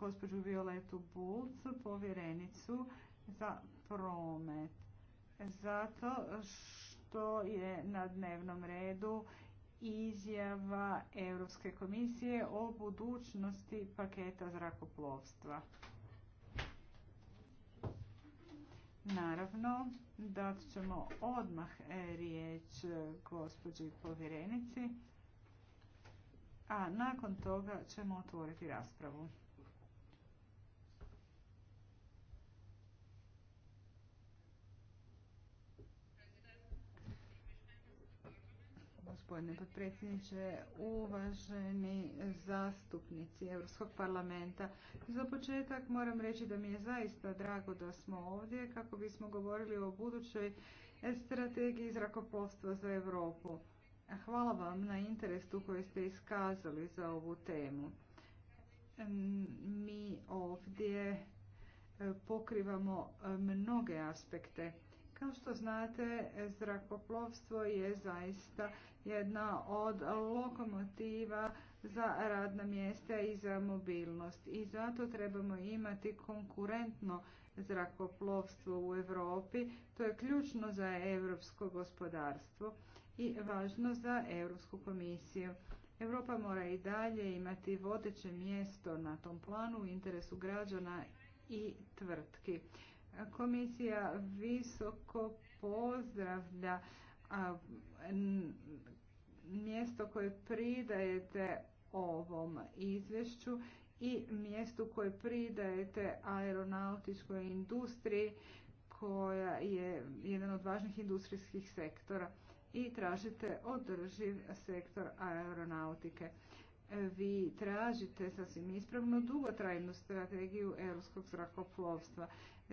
gospođu Violetu Bulc, povjerenicu za promet. Zato što je na dnevnom redu izjava Europske komisije o budućnosti paketa zrakoplovstva. Naravno, dat ćemo odmah e, riječ e, gospođi povjerenici, a nakon toga ćemo otvoriti raspravu. gospodine potpredsjedniče, uvaženi zastupnici Europskog parlamenta. Za početak moram reći da mi je zaista drago da smo ovdje kako bismo govorili o budućoj strategiji zrakoplovstva za Europu. Hvala vam na interesu koji ste iskazali za ovu temu. Mi ovdje e, pokrivamo e, mnoge aspekte kao što znate, zrakoplovstvo je zaista jedna od lokomotiva za radna mjesta i za mobilnost. I zato trebamo imati konkurentno zrakoplovstvo u Europi. To je ključno za europsko gospodarstvo i važno za Europsku komisiju. Europa mora i dalje imati vodeće mjesto na tom planu u interesu građana i tvrtki. Komisija visoko pozdravlja mjesto koje pridajete ovom izvješću i mjestu koje pridajete aeronautičkoj industriji koja je jedan od važnih industrijskih sektora i tražite održiv sektor aeronautike. Vi tražite sasvim ispravno dugotrajnu strategiju europskog zrakoplovstva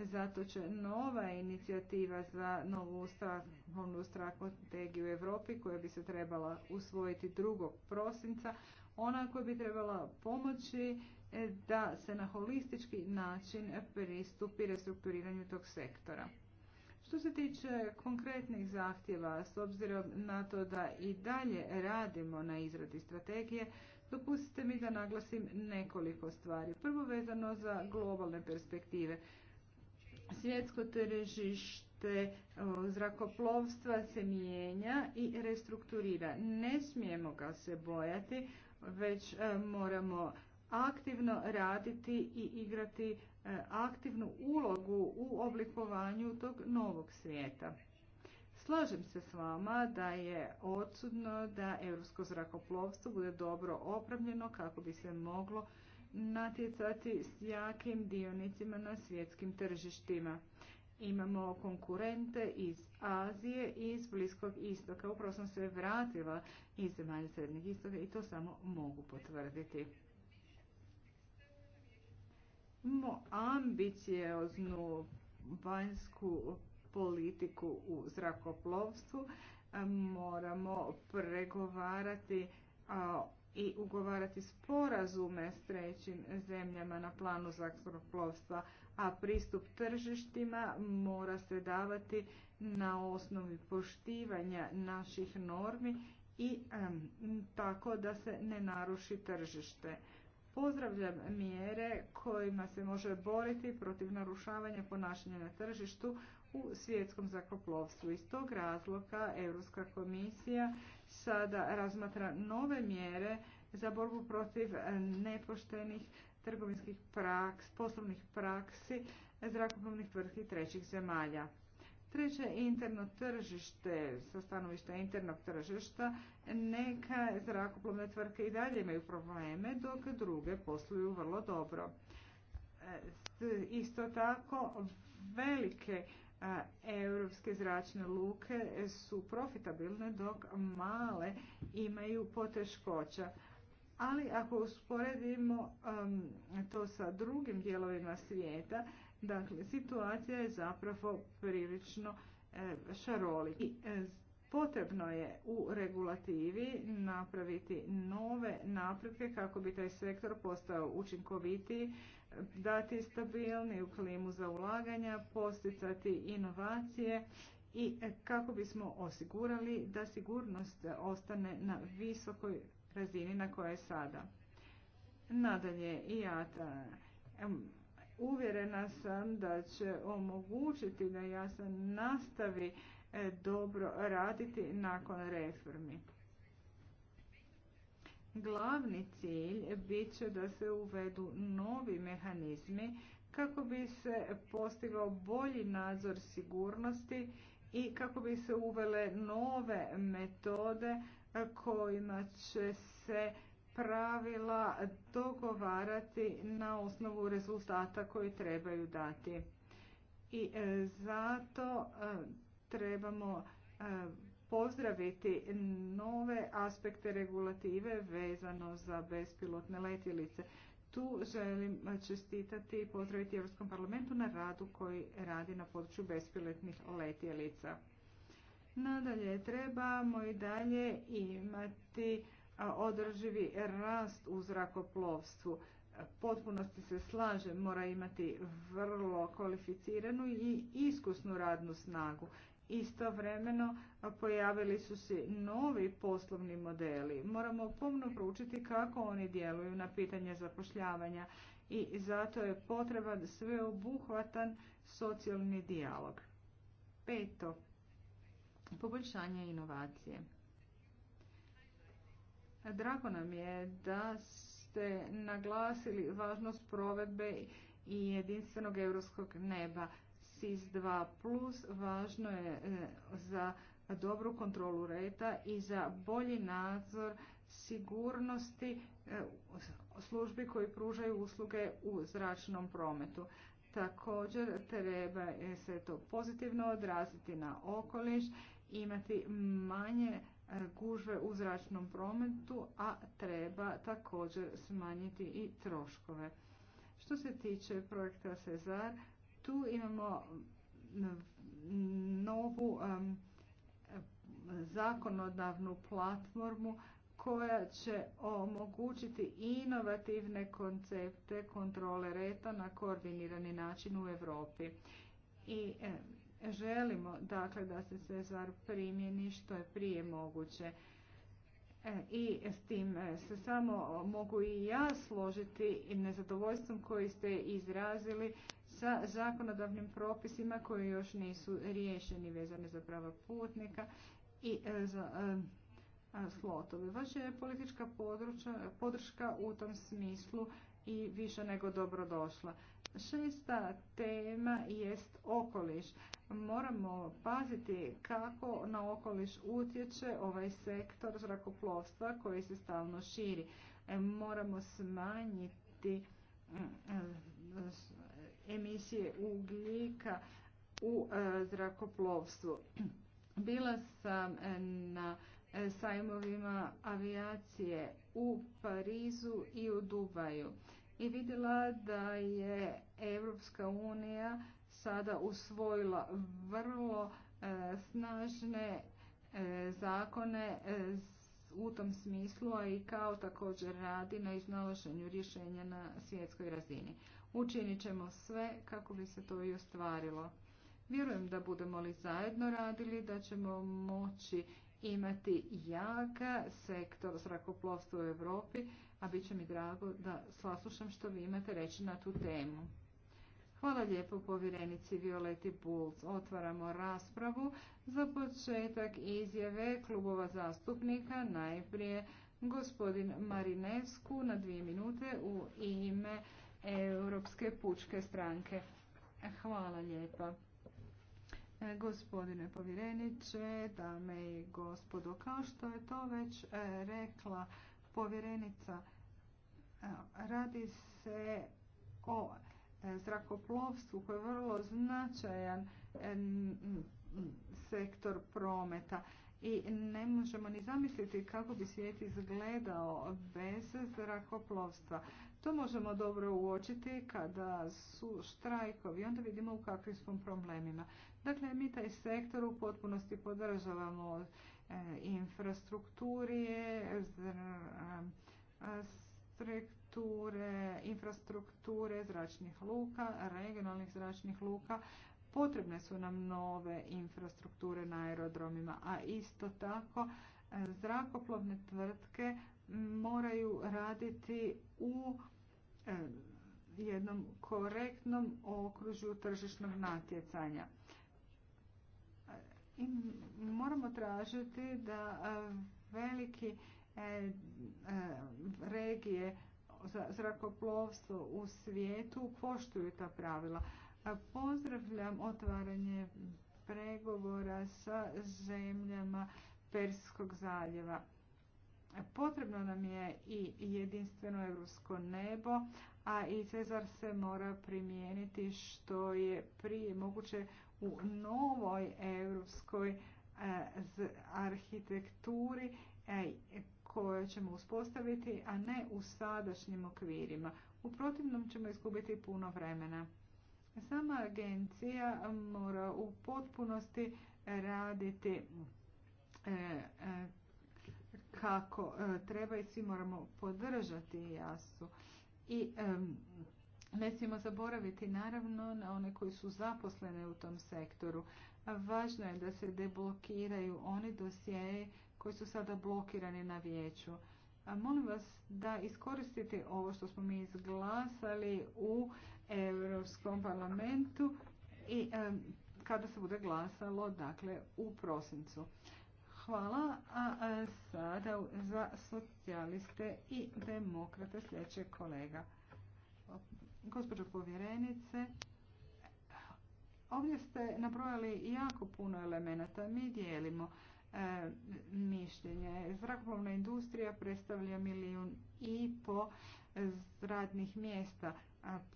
zato će nova inicijativa za novu stavnu strategiju u Europi koja bi se trebala usvojiti 2. prosinca, ona koja bi trebala pomoći e, da se na holistički način pristupi restrukturiranju tog sektora. Što se tiče konkretnih zahtjeva, s obzirom na to da i dalje radimo na izradi strategije, dopustite mi da naglasim nekoliko stvari. Prvo vezano za globalne perspektive svjetsko tržište zrakoplovstva se mijenja i restrukturira. Ne smijemo ga se bojati, već e, moramo aktivno raditi i igrati e, aktivnu ulogu u oblikovanju tog novog svijeta. Slažem se s vama da je odsudno da europsko zrakoplovstvo bude dobro opravljeno kako bi se moglo natjecati s jakim dionicima na svjetskim tržištima. Imamo konkurente iz Azije i iz Bliskog istoka. Upravo sam se vratila iz zemalja Srednjeg istoka i to samo mogu potvrditi. Imamo ambicioznu vanjsku politiku u zrakoplovstvu. Moramo pregovarati i ugovarati sporazume s trećim zemljama na planu zrakoplovstva, a pristup tržištima mora se davati na osnovi poštivanja naših normi i tako da se ne naruši tržište. Pozdravljam mjere kojima se može boriti protiv narušavanja ponašanja na tržištu u svjetskom zakoplovstvu. Iz tog razloga Europska komisija sada razmatra nove mjere za borbu protiv nepoštenih trgovinskih praks, poslovnih praksi zrakoplovnih tvrtki trećih zemalja. Treće, interno tržište, sa stanovišta internog tržišta, neka zrakoplovne tvrtke i dalje imaju probleme, dok druge posluju vrlo dobro. E, isto tako, velike Europske zračne luke su profitabilne dok male imaju poteškoća. Ali ako usporedimo um, to sa drugim dijelovima svijeta, dakle situacija je zapravo prilično e, šarolika. Potrebno je u regulativi napraviti nove napretke kako bi taj sektor postao učinkovitiji, dati stabilniju klimu za ulaganja, posticati inovacije i kako bismo osigurali da sigurnost ostane na visokoj razini na kojoj je sada. Nadalje, i IATA uvjerena sam da će omogućiti da ja sam nastavi E, dobro raditi nakon reformi. Glavni cilj bit će da se uvedu novi mehanizmi kako bi se postigao bolji nadzor sigurnosti i kako bi se uvele nove metode kojima će se pravila dogovarati na osnovu rezultata koji trebaju dati. I e, zato e, trebamo e, pozdraviti nove aspekte regulative vezano za bespilotne letjelice. Tu želim čestitati i pozdraviti Europskom parlamentu na radu koji radi na području bespilotnih letjelica. Nadalje, trebamo i dalje imati održivi rast u zrakoplovstvu. Potpunosti se slažem, mora imati vrlo kvalificiranu i iskusnu radnu snagu. Istovremeno pojavili su se novi poslovni modeli. Moramo pomno proučiti kako oni djeluju na pitanje zapošljavanja i zato je potreban sveobuhvatan socijalni dijalog. Peto, poboljšanje inovacije. Drago nam je da ste naglasili važnost provedbe i jedinstvenog europskog neba SIS-2 plus važno je e, za dobru kontrolu reda i za bolji nadzor sigurnosti e, službi koji pružaju usluge u zračnom prometu. Također treba se to pozitivno odraziti na okoliš, imati manje e, gužve u zračnom prometu, a treba također smanjiti i troškove. Što se tiče projekta Cezar, tu imamo novu zakonodavnu platformu koja će omogućiti inovativne koncepte kontrole reta na koordinirani način u Europi. I želimo dakle da se Cezar primjeni što je prije moguće. E, i s tim e, se samo mogu i ja složiti i nezadovoljstvom koji ste izrazili sa zakonodavnim propisima koji još nisu riješeni vezane za prava putnika i e, za slotove. Vaša je politička podrška u tom smislu i više nego dobrodošla. Šesta tema jest okoliš moramo paziti kako na okoliš utječe ovaj sektor zrakoplovstva koji se stalno širi. E, moramo smanjiti mm, emisije ugljika u e, zrakoplovstvu. Bila sam e, na sajmovima avijacije u Parizu i u Dubaju i vidjela da je Europska unija sada usvojila vrlo e, snažne e, zakone e, u tom smislu, a i kao također radi na iznalaženju rješenja na svjetskoj razini. Učinit ćemo sve kako bi se to i ostvarilo. Vjerujem da budemo li zajedno radili, da ćemo moći imati jaka sektor zrakoplovstva u Europi, a bit će mi drago da saslušam što vi imate reći na tu temu. Hvala lijepo povjerenici Violeti Bulc. Otvaramo raspravu za početak izjave klubova zastupnika. Najprije gospodin Marinesku na dvije minute u ime Europske pučke stranke. Hvala lijepa. E, gospodine povjereniče, dame i gospodo, kao što je to već e, rekla povjerenica, e, radi se o E, zrakoplovstvu koji je vrlo značajan e, sektor prometa i ne možemo ni zamisliti kako bi svijet izgledao bez zrakoplovstva. To možemo dobro uočiti kada su štrajkovi, onda vidimo u kakvim smo problemima. Dakle, mi taj sektor u potpunosti podržavamo e, infrastrukturi, infrastrukture zračnih luka, regionalnih zračnih luka. Potrebne su nam nove infrastrukture na aerodromima, a isto tako e, zrakoplovne tvrtke moraju raditi u e, jednom korektnom okružju tržišnog natjecanja. E, I moramo tražiti da veliki regije zrakoplovstvo u svijetu poštuju ta pravila. Pozdravljam otvaranje pregovora sa zemljama Perskog zaljeva. Potrebno nam je i jedinstveno europsko nebo, a i Cezar se mora primijeniti što je prije moguće u novoj europskoj eh, arhitekturi eh, koje ćemo uspostaviti, a ne u sadašnjim okvirima. U protivnom ćemo izgubiti puno vremena. Sama agencija mora u potpunosti raditi e, e, kako e, treba i svi moramo podržati jasu. I ne smijemo zaboraviti naravno na one koji su zaposlene u tom sektoru. Važno je da se deblokiraju oni dosjeje koji su sada blokirani na vijeću. Molim vas da iskoristite ovo što smo mi izglasali u Europskom parlamentu i kada se bude glasalo dakle u prosincu. Hvala. A, sada za socijaliste i demokrate sljedeće kolega. Gospođo povjerenice, ovdje ste nabrojali jako puno elemenata. Mi dijelimo E, mišljenje. Zrakoplovna industrija predstavlja milijun i po radnih mjesta.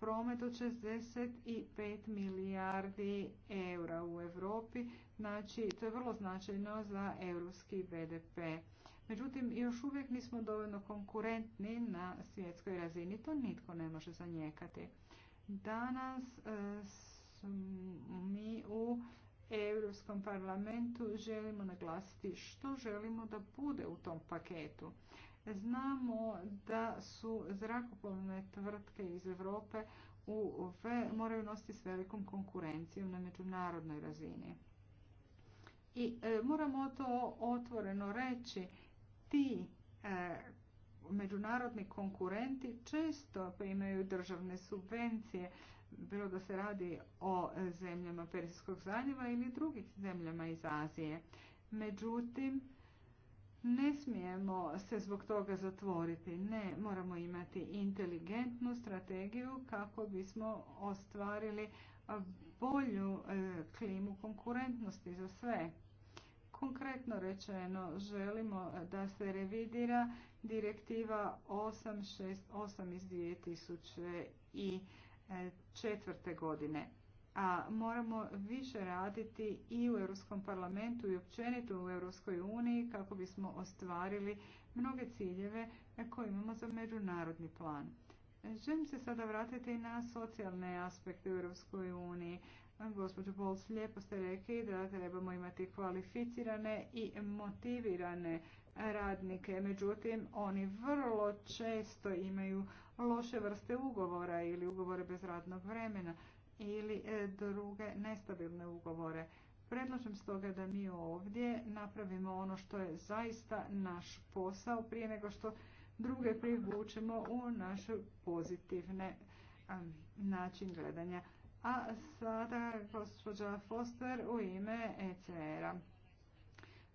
Promet od 65 milijardi eura u Europi, znači to je vrlo značajno za europski BDP. Međutim, još uvijek nismo dovoljno konkurentni na svjetskoj razini, to nitko ne može zanijekati. Danas e, mi u Europskom parlamentu želimo naglasiti što želimo da bude u tom paketu. Znamo da su zrakoplovne tvrtke iz Europe u moraju nositi s velikom konkurencijom na međunarodnoj razini. I e, moramo to otvoreno reći, ti e, međunarodni konkurenti često primaju državne subvencije bilo da se radi o zemljama Persijskog zaljeva ili drugim zemljama iz Azije. Međutim, ne smijemo se zbog toga zatvoriti. Ne, moramo imati inteligentnu strategiju kako bismo ostvarili bolju e, klimu konkurentnosti za sve. Konkretno rečeno, želimo da se revidira direktiva 868 iz 2000 i E, četvrte godine. A moramo više raditi i u Europskom parlamentu i općenito u Europskoj uniji kako bismo ostvarili mnoge ciljeve koje imamo za međunarodni plan. Želim se sada vratiti na socijalne aspekte u Europskoj uniji. Gospođo Bols, lijepo ste rekli da trebamo imati kvalificirane i motivirane radnike. Međutim, oni vrlo često imaju loše vrste ugovora ili ugovore bez radnog vremena ili e, druge nestabilne ugovore. Predlažem stoga da mi ovdje napravimo ono što je zaista naš posao prije nego što druge privučemo u naš pozitivne način gledanja. A sada gospođa Foster u ime ECR-a.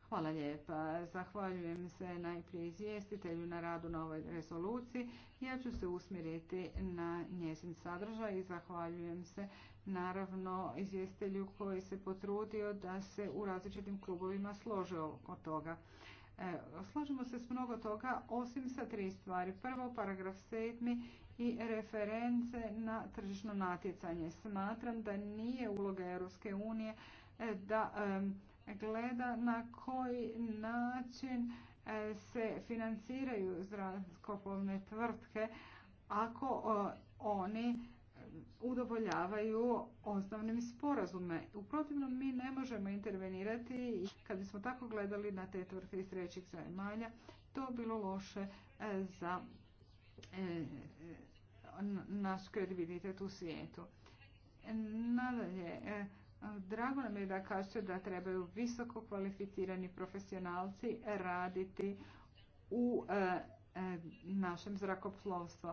Hvala lijepa. Zahvaljujem se najprije izvjestitelju na radu na ovoj rezoluciji. Ja ću se usmjeriti na njezin sadržaj i zahvaljujem se naravno izvjestitelju koji se potrudio da se u različitim klubovima slože oko toga. E, složimo se s mnogo toga osim sa tri stvari. Prvo, paragraf sedmi i reference na tržišno natjecanje. Smatram da nije uloga Europske unije e, da gleda na koji način e, se financiraju zrakoplovne tvrtke ako e, oni udovoljavaju osnovnim sporazume. U protivnom mi ne možemo intervenirati i kad bismo tako gledali na te tvrtke iz trećih zemalja, to bilo loše e, za naš kredibilitet u svijetu. Nadalje, Drago nam je da kažete da trebaju visoko kvalificirani profesionalci raditi u e, e, našem zrakoplovstvu.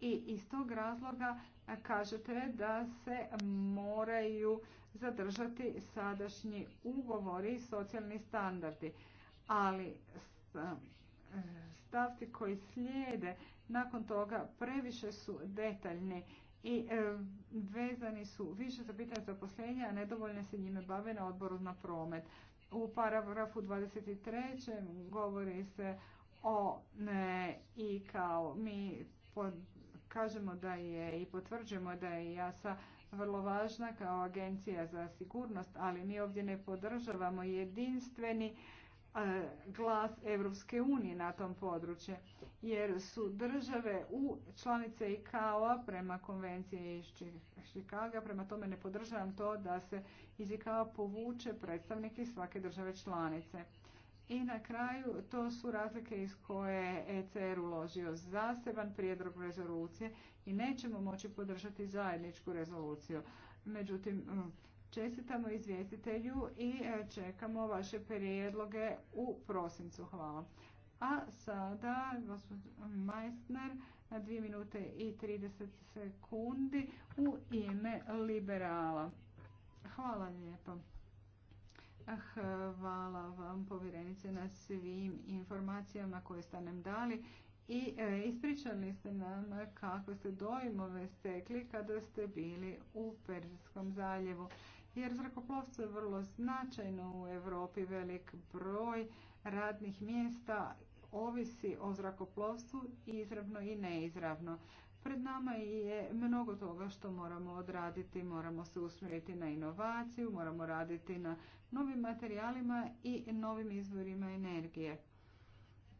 I iz tog razloga kažete da se moraju zadržati sadašnji ugovori i socijalni standardi. Ali e, stavci koji slijede nakon toga previše su detaljni i vezani su više za pitanje zaposlenja, a nedovoljne se njime bave na odboru na promet. U paragrafu 23. govori se o ne, i kao mi kažemo da je i potvrđujemo da je JASA vrlo važna kao agencija za sigurnost, ali mi ovdje ne podržavamo jedinstveni E, glas Europske unije na tom području, jer su države u članice ICAO-a prema konvenciji iz Chicago. prema tome ne podržavam to da se iz ICAO povuče predstavnik svake države članice. I na kraju to su razlike iz koje je ECR uložio zaseban prijedlog rezolucije i nećemo moći podržati zajedničku rezoluciju. Međutim, Čestitamo izvjestitelju i e, čekamo vaše prijedloge u prosincu. Hvala. A sada, gospođo Meissner, na 2 minute i 30 sekundi u ime liberala. Hvala lijepo. Ah, hvala vam povjerenice na svim informacijama koje ste nam dali i e, ispričali ste nam kako ste dojmove stekli kada ste bili u perskom zaljevu jer zrakoplovstvo je vrlo značajno u Europi, velik broj radnih mjesta ovisi o zrakoplovstvu izravno i neizravno. Pred nama je mnogo toga što moramo odraditi, moramo se usmjeriti na inovaciju, moramo raditi na novim materijalima i novim izvorima energije.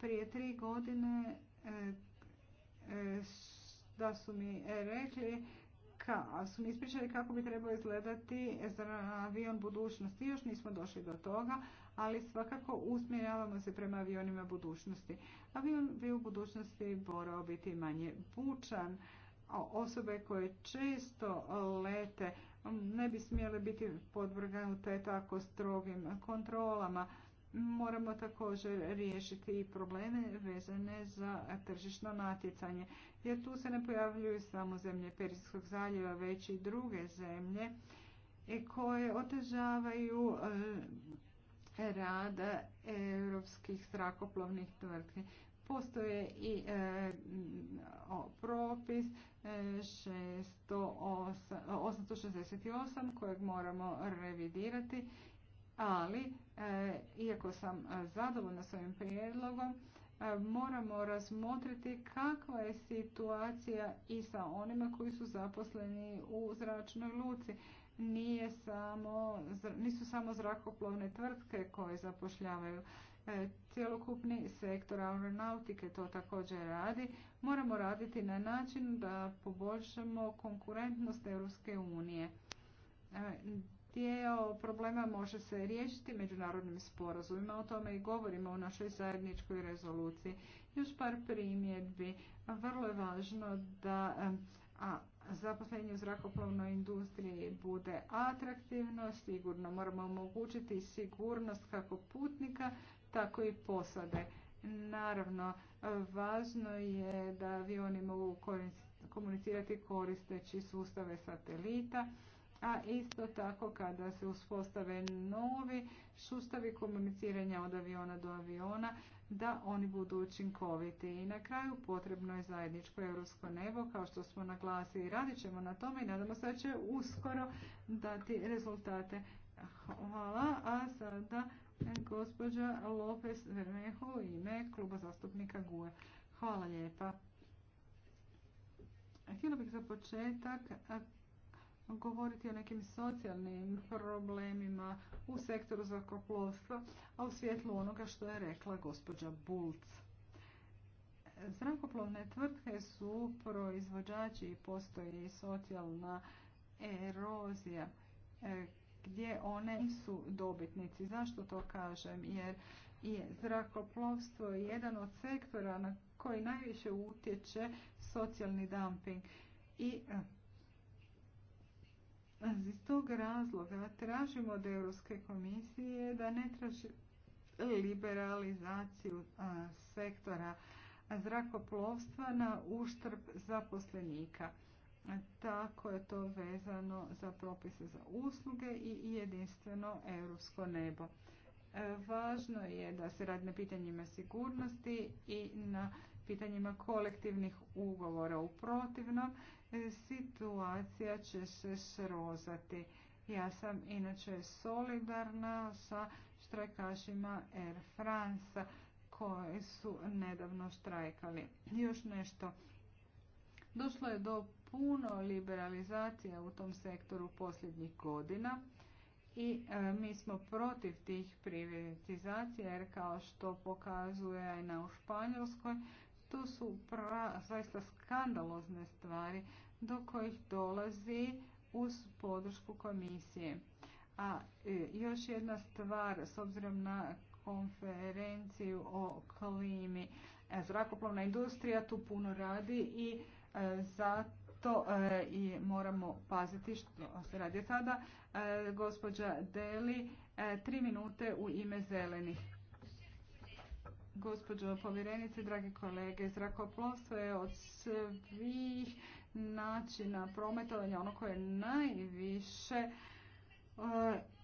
Prije tri godine eh, eh, da su mi rekli ka, su mi ispričali kako bi trebao izgledati avion budućnosti. Još nismo došli do toga, ali svakako usmjeravamo se prema avionima budućnosti. Avion bi u budućnosti morao biti manje bučan. Osobe koje često lete ne bi smjele biti podvrgnute tako strogim kontrolama moramo također riješiti i probleme vezane za tržišno natjecanje. Jer tu se ne pojavljuju samo zemlje Perijskog zaljeva, već i druge zemlje e, koje otežavaju e, rad e, europskih zrakoplovnih tvrtki. Postoje i propis 868 kojeg moramo revidirati ali e, iako sam e, zadovoljna s ovim prijedlogom, e, moramo razmotriti kakva je situacija i sa onima koji su zaposleni u zračnoj luci. Nije samo, nisu samo zrakoplovne tvrtke koje zapošljavaju cjelokupni sektor aeronautike to također radi. Moramo raditi na način da poboljšamo konkurentnost Europske unije dio problema može se riješiti međunarodnim sporazumima. O tome i govorimo u našoj zajedničkoj rezoluciji. Još par primjedbi. Vrlo je važno da a, zaposlenje u zrakoplovnoj industriji bude atraktivno, sigurno moramo omogućiti sigurnost kako putnika, tako i posade. Naravno, važno je da avioni mogu komunicirati koristeći sustave satelita a isto tako kada se uspostave novi sustavi komuniciranja od aviona do aviona, da oni budu učinkoviti. I na kraju potrebno je zajedničko europsko nebo, kao što smo naglasili. Radit ćemo na tome i nadamo se da će uskoro dati rezultate. Hvala, a sada gospođa Lopez Vermeho u ime kluba zastupnika GUE. Hvala lijepa. Htjela bih za početak govoriti o nekim socijalnim problemima u sektoru zrakoplovstva, a u svjetlu onoga što je rekla gospođa Bulc. Zrakoplovne tvrtke su proizvođači i postoji socijalna erozija e, gdje one su dobitnici. Zašto to kažem? Jer je zrakoplovstvo jedan od sektora na koji najviše utječe socijalni dumping. I e, iz tog razloga tražimo od Europske komisije da ne traži liberalizaciju sektora zrakoplovstva na uštrb zaposlenika. Tako je to vezano za propise za usluge i jedinstveno europsko nebo. E, važno je da se radi na pitanjima sigurnosti i na pitanjima kolektivnih ugovora. U protivnom E, situacija će se srozati. Ja sam inače solidarna sa štrajkašima Air France koji su nedavno štrajkali. Još nešto. Došlo je do puno liberalizacija u tom sektoru posljednjih godina i e, mi smo protiv tih privatizacija jer kao što pokazuje i na u Španjolskoj to su zaista skandalozne stvari do kojih dolazi uz podršku komisije. A e, još jedna stvar, s obzirom na konferenciju o klimi, e, zrakoplovna industrija tu puno radi i e, zato i moramo paziti što se radi sada. Gospođa Deli, tri minute u ime zelenih. Gospođo povjerenice, dragi kolege, zrakoplovstvo je od svih načina prometovanja ono koje najviše e,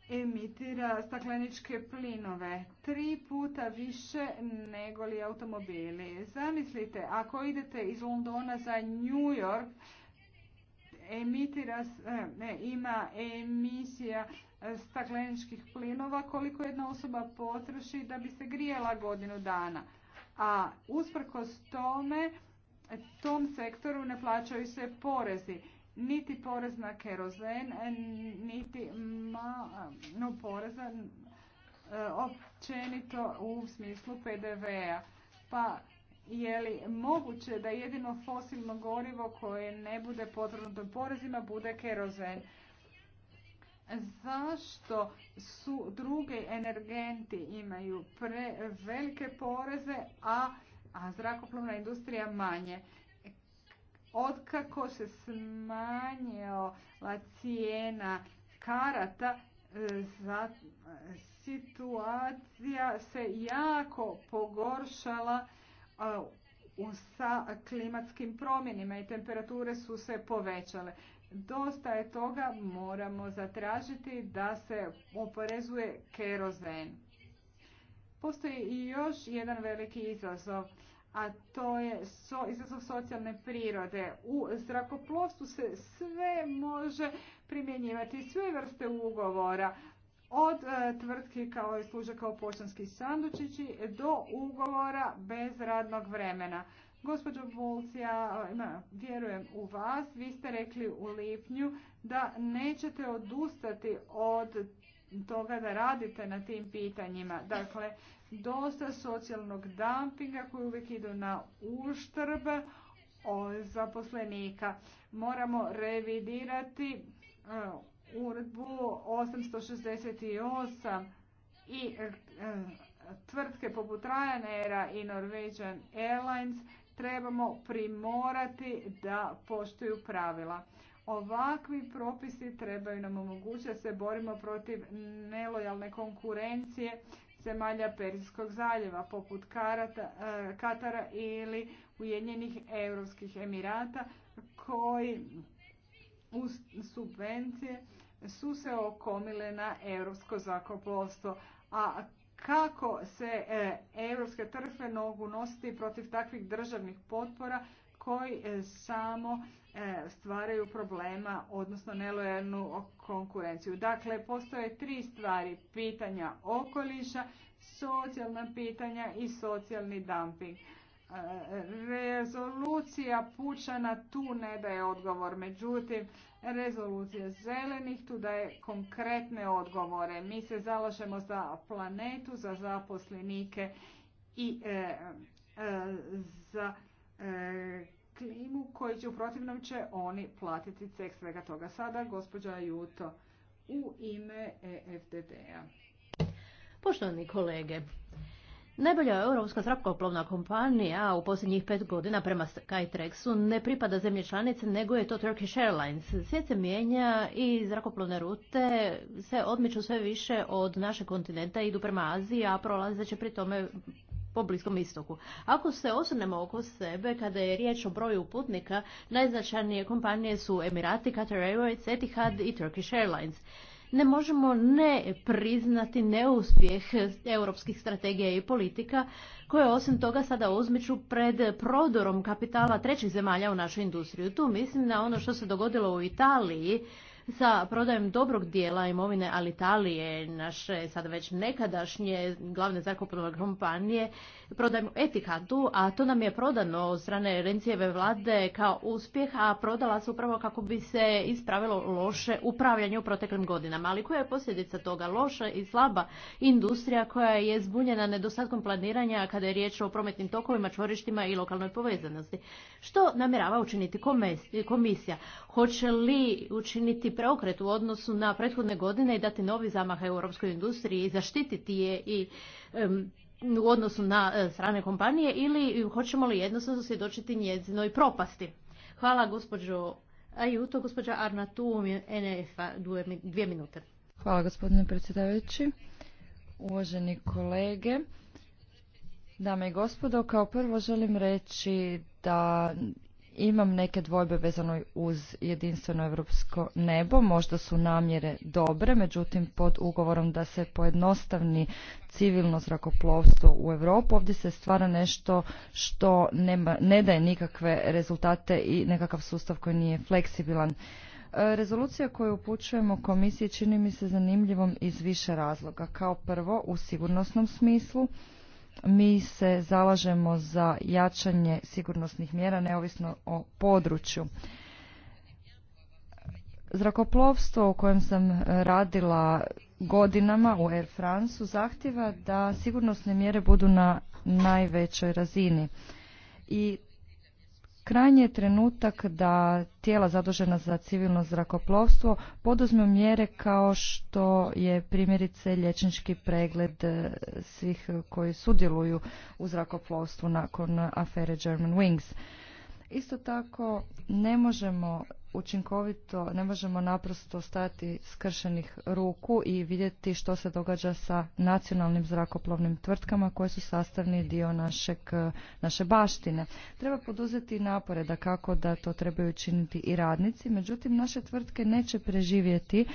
emitira stakleničke plinove tri puta više nego li automobili. Zamislite, ako idete iz Londona za New York, emitira, e, ne, ima emisija stakleničkih plinova koliko jedna osoba potroši da bi se grijela godinu dana. A usprkos tome, tom sektoru ne plaćaju se porezi. Niti porez na kerozen, niti no, poreza e, općenito u smislu PDV-a. Pa je li moguće da jedino fosilno gorivo koje ne bude potrebno porezima bude kerozen? zašto su drugi energenti imaju prevelike poreze, a, zrakoplovna industrija manje. kako se smanjila cijena karata, za, situacija se jako pogoršala u sa klimatskim promjenima i temperature su se povećale dosta je toga, moramo zatražiti da se oporezuje kerozen. Postoji i još jedan veliki izazov, a to je so, izazov socijalne prirode. U zrakoplovstvu se sve može primjenjivati, sve vrste ugovora, od e, tvrtki kao i služe kao poštanski sandučići do ugovora bez radnog vremena. Gospođo Bulc, ja vjerujem u vas. Vi ste rekli u lipnju da nećete odustati od toga da radite na tim pitanjima. Dakle, dosta socijalnog dumpinga koji uvijek idu na uštrb zaposlenika. Moramo revidirati uh, uredbu 868 i e, tvrtke poput Ryanaira i Norwegian Airlines trebamo primorati da poštuju pravila. Ovakvi propisi trebaju nam omogućiti da se borimo protiv nelojalne konkurencije zemalja Perzijskog zaljeva poput e, Katara ili Ujedinjenih Europskih Emirata koji uz subvencije su se okomile na europsko zakoplovstvo, a kako se europske trfe mogu nositi protiv takvih državnih potpora koji e, samo e, stvaraju problema, odnosno nelojalnu konkurenciju. Dakle, postoje tri stvari, pitanja okoliša, socijalna pitanja i socijalni dumping. E, rezolucija pučana tu ne daje odgovor, međutim, Rezolucije zelenih tu daje konkretne odgovore. Mi se zalažemo za planetu, za zaposlenike i e, e, za e, klimu koji će u protivnom će oni platiti ceh svega toga. Sada gospođa Juto u ime EFDD-a. Poštovani kolege, Najbolja europska zrakoplovna kompanija u posljednjih pet godina prema Skytrexu ne pripada zemlje članice, nego je to Turkish Airlines. Svijet se mijenja i zrakoplovne rute se odmiču sve više od našeg kontinenta, idu prema Aziji, a prolazeće pri tome po Bliskom istoku. Ako se osunemo oko sebe, kada je riječ o broju putnika, najznačajnije kompanije su Emirati, Qatar Airways, Etihad i Turkish Airlines ne možemo ne priznati neuspjeh europskih strategija i politika koje osim toga sada uzmiču pred prodorom kapitala trećih zemalja u našu industriju. Tu mislim na ono što se dogodilo u Italiji sa prodajem dobrog dijela imovine Alitalije, naše sada već nekadašnje glavne zakupnove kompanije, prodajem etikatu a to nam je prodano od strane Rencijeve vlade kao uspjeh, a prodala se upravo kako bi se ispravilo loše upravljanje u proteklim godinama. Ali koja je posljedica toga? Loša i slaba industrija koja je zbunjena nedostatkom planiranja kada je riječ o prometnim tokovima, čvorištima i lokalnoj povezanosti. Što namjerava učiniti komisija? Hoće li učiniti preokret u odnosu na prethodne godine i dati novi zamah europskoj industriji i zaštititi je i u odnosu na e, strane kompanije ili hoćemo li jednostavno svjedočiti njezinoj propasti. Hvala gospođo Ajuto, gospođa Arna tu nf dvije minute. Hvala gospodine predsjedavajući, uvaženi kolege. Dame i gospodo, kao prvo želim reći da imam neke dvojbe vezano uz jedinstveno europsko nebo. Možda su namjere dobre, međutim pod ugovorom da se pojednostavni civilno zrakoplovstvo u Europu ovdje se stvara nešto što nema, ne daje nikakve rezultate i nekakav sustav koji nije fleksibilan. E, rezolucija koju upućujemo komisiji čini mi se zanimljivom iz više razloga. Kao prvo u sigurnosnom smislu mi se zalažemo za jačanje sigurnosnih mjera neovisno o području. Zrakoplovstvo u kojem sam radila godinama u Air France zahtjeva da sigurnosne mjere budu na najvećoj razini. I Krajnji je trenutak da tijela zadužena za civilno zrakoplovstvo poduzmu mjere kao što je primjerice liječnički pregled e, svih koji sudjeluju u zrakoplovstvu nakon afere German Wings. Isto tako ne možemo učinkovito, ne možemo naprosto stajati skršenih ruku i vidjeti što se događa sa nacionalnim zrakoplovnim tvrtkama koje su sastavni dio našeg, naše baštine. Treba poduzeti napore da kako da to trebaju činiti i radnici, međutim naše tvrtke neće preživjeti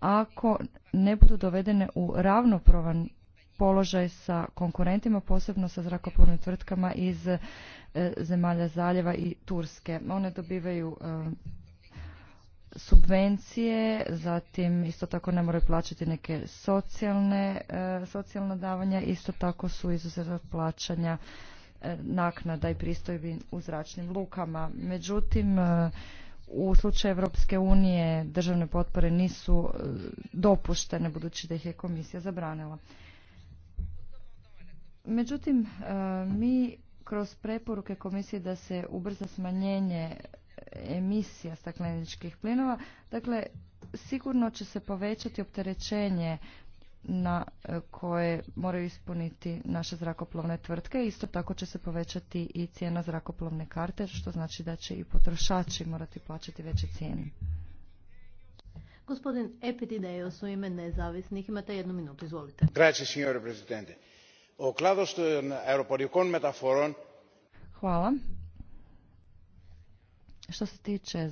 ako ne budu dovedene u ravnopravan položaj sa konkurentima, posebno sa zrakoplovnim tvrtkama iz E, zemalja zaljeva i Turske. One dobivaju e, subvencije, zatim isto tako ne moraju plaćati neke socijalne, e, socijalna davanja, isto tako su izuzetno od plaćanja naknada i pristojbi u zračnim lukama. Međutim, u slučaju Europske unije državne potpore nisu dopuštene budući da ih je komisija zabranila. Međutim, mi kroz preporuke komisije da se ubrza smanjenje emisija stakleničkih plinova, dakle sigurno će se povećati opterećenje na e, koje moraju ispuniti naše zrakoplovne tvrtke. Isto tako će se povećati i cijena zrakoplovne karte, što znači da će i potrošači morati plaćati veće cijene. Gospodin Epitideo u ime nezavisnih, imate jednu minutu, izvolite. Grazie, signore presidente. Hvala. Što se tiče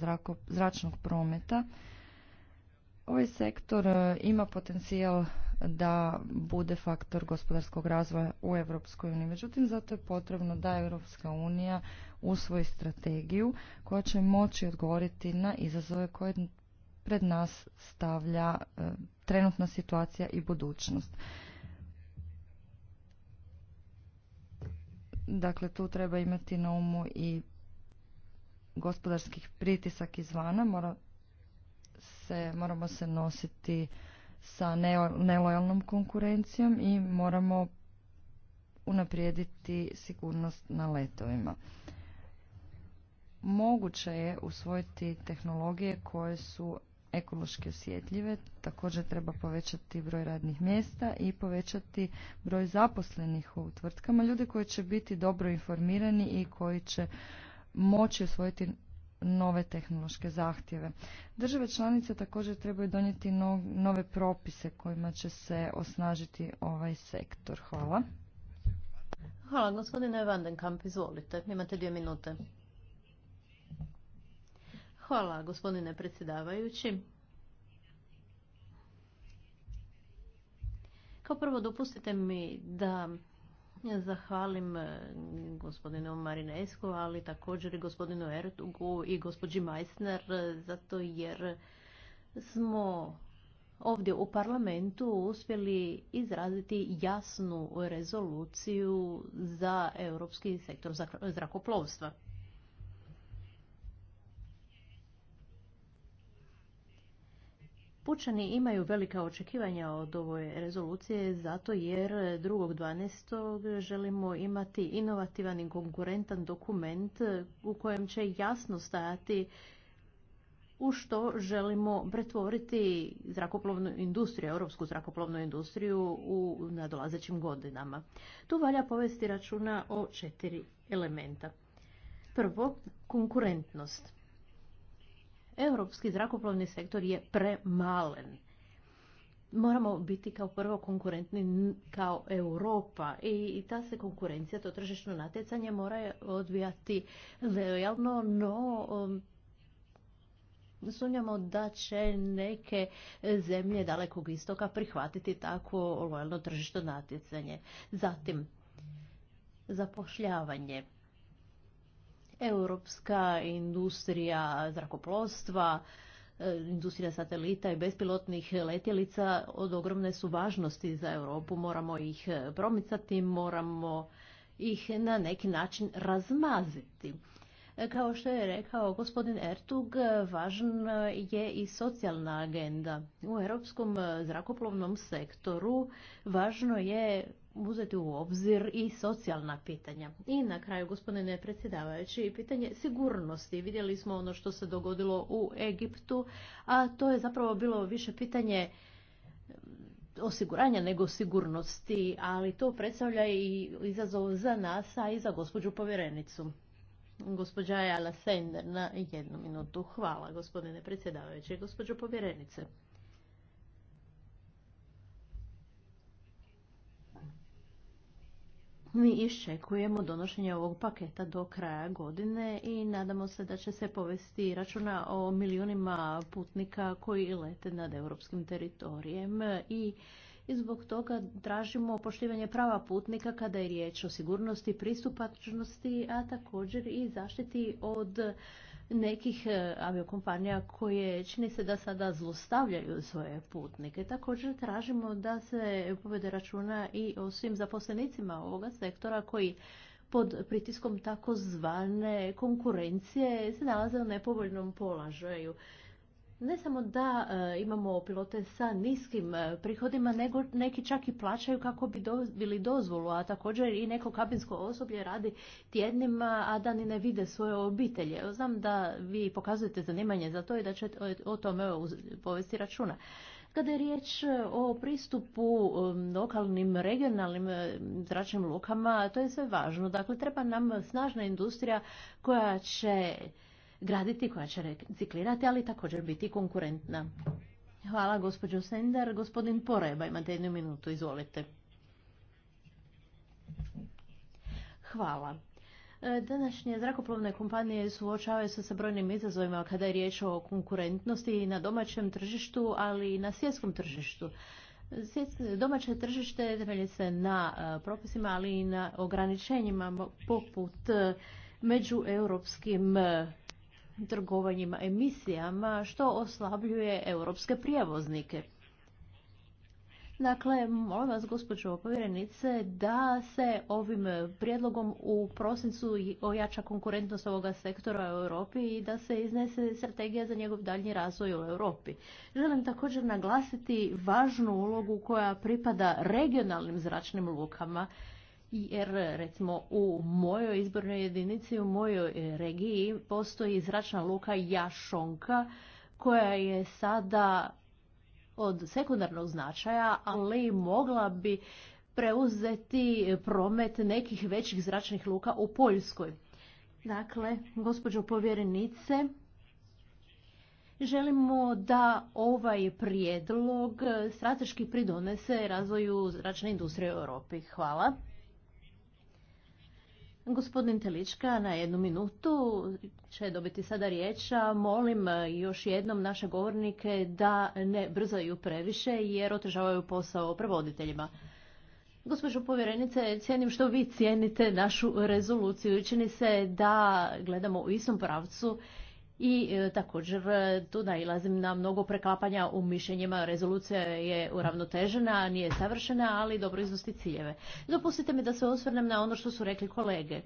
zračnog prometa, ovaj sektor e, ima potencijal da bude faktor gospodarskog razvoja u Europskoj uniji. Međutim, zato je potrebno da Europska unija usvoji strategiju koja će moći odgovoriti na izazove koje pred nas stavlja e, trenutna situacija i budućnost. Dakle, tu treba imati na umu i gospodarskih pritisak izvana. se, moramo se nositi sa nelojalnom konkurencijom i moramo unaprijediti sigurnost na letovima. Moguće je usvojiti tehnologije koje su ekološki osjetljive, također treba povećati broj radnih mjesta i povećati broj zaposlenih u tvrtkama, ljude koji će biti dobro informirani i koji će moći osvojiti nove tehnološke zahtjeve. Države članice također trebaju donijeti nove propise kojima će se osnažiti ovaj sektor. Hvala. Hvala gospodine Vandenkamp, izvolite. Imate dvije minute. Hvala, gospodine predsjedavajući. Kao prvo, dopustite mi da zahvalim e, gospodinu Marinesku, ali također i gospodinu Ertugu i gospođi Meissner, e, zato jer smo ovdje u parlamentu uspjeli izraziti jasnu rezoluciju za europski sektor zrakoplovstva. Pučani imaju velika očekivanja od ove rezolucije zato jer 2.12. želimo imati inovativan i konkurentan dokument u kojem će jasno stajati u što želimo pretvoriti zrakoplovnu industriju, europsku zrakoplovnu industriju u nadolazećim godinama. Tu valja povesti računa o četiri elementa. Prvo, konkurentnost europski zrakoplovni sektor je premalen. Moramo biti kao prvo konkurentni kao Europa i ta se konkurencija, to tržišno natjecanje mora odvijati lojalno, no um, sumnjamo da će neke zemlje dalekog istoka prihvatiti tako lojalno tržišno natjecanje. Zatim, zapošljavanje europska industrija zrakoplovstva, e, industrija satelita i bespilotnih letjelica od ogromne su važnosti za Europu. Moramo ih e, promicati, moramo ih na neki način razmaziti. E, kao što je rekao gospodin Ertug, važna je i socijalna agenda. U europskom zrakoplovnom sektoru važno je uzeti u obzir i socijalna pitanja. I na kraju, gospodine predsjedavajući, pitanje sigurnosti. Vidjeli smo ono što se dogodilo u Egiptu, a to je zapravo bilo više pitanje mm, osiguranja nego sigurnosti, ali to predstavlja i izazov za nas, a i za gospođu povjerenicu. Gospođa Jala Sender na jednu minutu. Hvala, gospodine predsjedavajući. Gospođo povjerenice. Mi iščekujemo donošenje ovog paketa do kraja godine i nadamo se da će se povesti računa o milijunima putnika koji lete nad europskim teritorijem i i zbog toga tražimo poštivanje prava putnika kada je riječ o sigurnosti, pristupačnosti, a također i zaštiti od nekih e, aviokompanija koje čini se da sada zlostavljaju svoje putnike. Također tražimo da se povede računa i o svim zaposlenicima ovoga sektora koji pod pritiskom takozvane konkurencije se nalaze u nepovoljnom položaju ne samo da e, imamo pilote sa niskim e, prihodima, nego neki čak i plaćaju kako bi dobili dozvolu, a također i neko kabinsko osoblje radi tjednima, a da ni ne vide svoje obitelje. Znam da vi pokazujete zanimanje za to i da ćete o tome povesti računa. Kada je riječ e, o pristupu lokalnim, regionalnim zračnim lukama, to je sve važno. Dakle, treba nam snažna industrija koja će graditi, koja će reciklirati, ali također biti konkurentna. Hvala gospođo Sender. Gospodin Poreba, imate jednu minutu, izvolite. Hvala. E, današnje zrakoplovne kompanije suočavaju se sa brojnim izazovima kada je riječ o konkurentnosti na domaćem tržištu, ali i na svjetskom tržištu. Domaće tržište temelji se na e, propisima, ali i na ograničenjima poput e, europskim trgovanjima emisijama što oslabljuje europske prijevoznike. Dakle, molim vas, gospođo povjerenice, da se ovim prijedlogom u prosincu ojača konkurentnost ovoga sektora u Europi i da se iznese strategija za njegov daljnji razvoj u Europi. Želim također naglasiti važnu ulogu koja pripada regionalnim zračnim lukama jer recimo u mojoj izbornoj jedinici, u mojoj e, regiji postoji zračna luka Jašonka koja je sada od sekundarnog značaja, ali mogla bi preuzeti promet nekih većih zračnih luka u Poljskoj. Dakle, gospođo povjerenice, želimo da ovaj prijedlog strateški pridonese razvoju zračne industrije u Europi. Hvala. Gospodin Telička na jednu minutu će dobiti sada riječ, a molim e, još jednom naše govornike da ne brzaju previše jer otežavaju posao prevoditeljima. Gospođo povjerenice, cijenim što vi cijenite našu rezoluciju čini se da gledamo u istom pravcu i e, također e, tu nailazim na mnogo preklapanja u mišljenjima. Rezolucija je uravnotežena, nije savršena, ali dobro iznosi ciljeve. Dopustite mi da se osvrnem na ono što su rekli kolege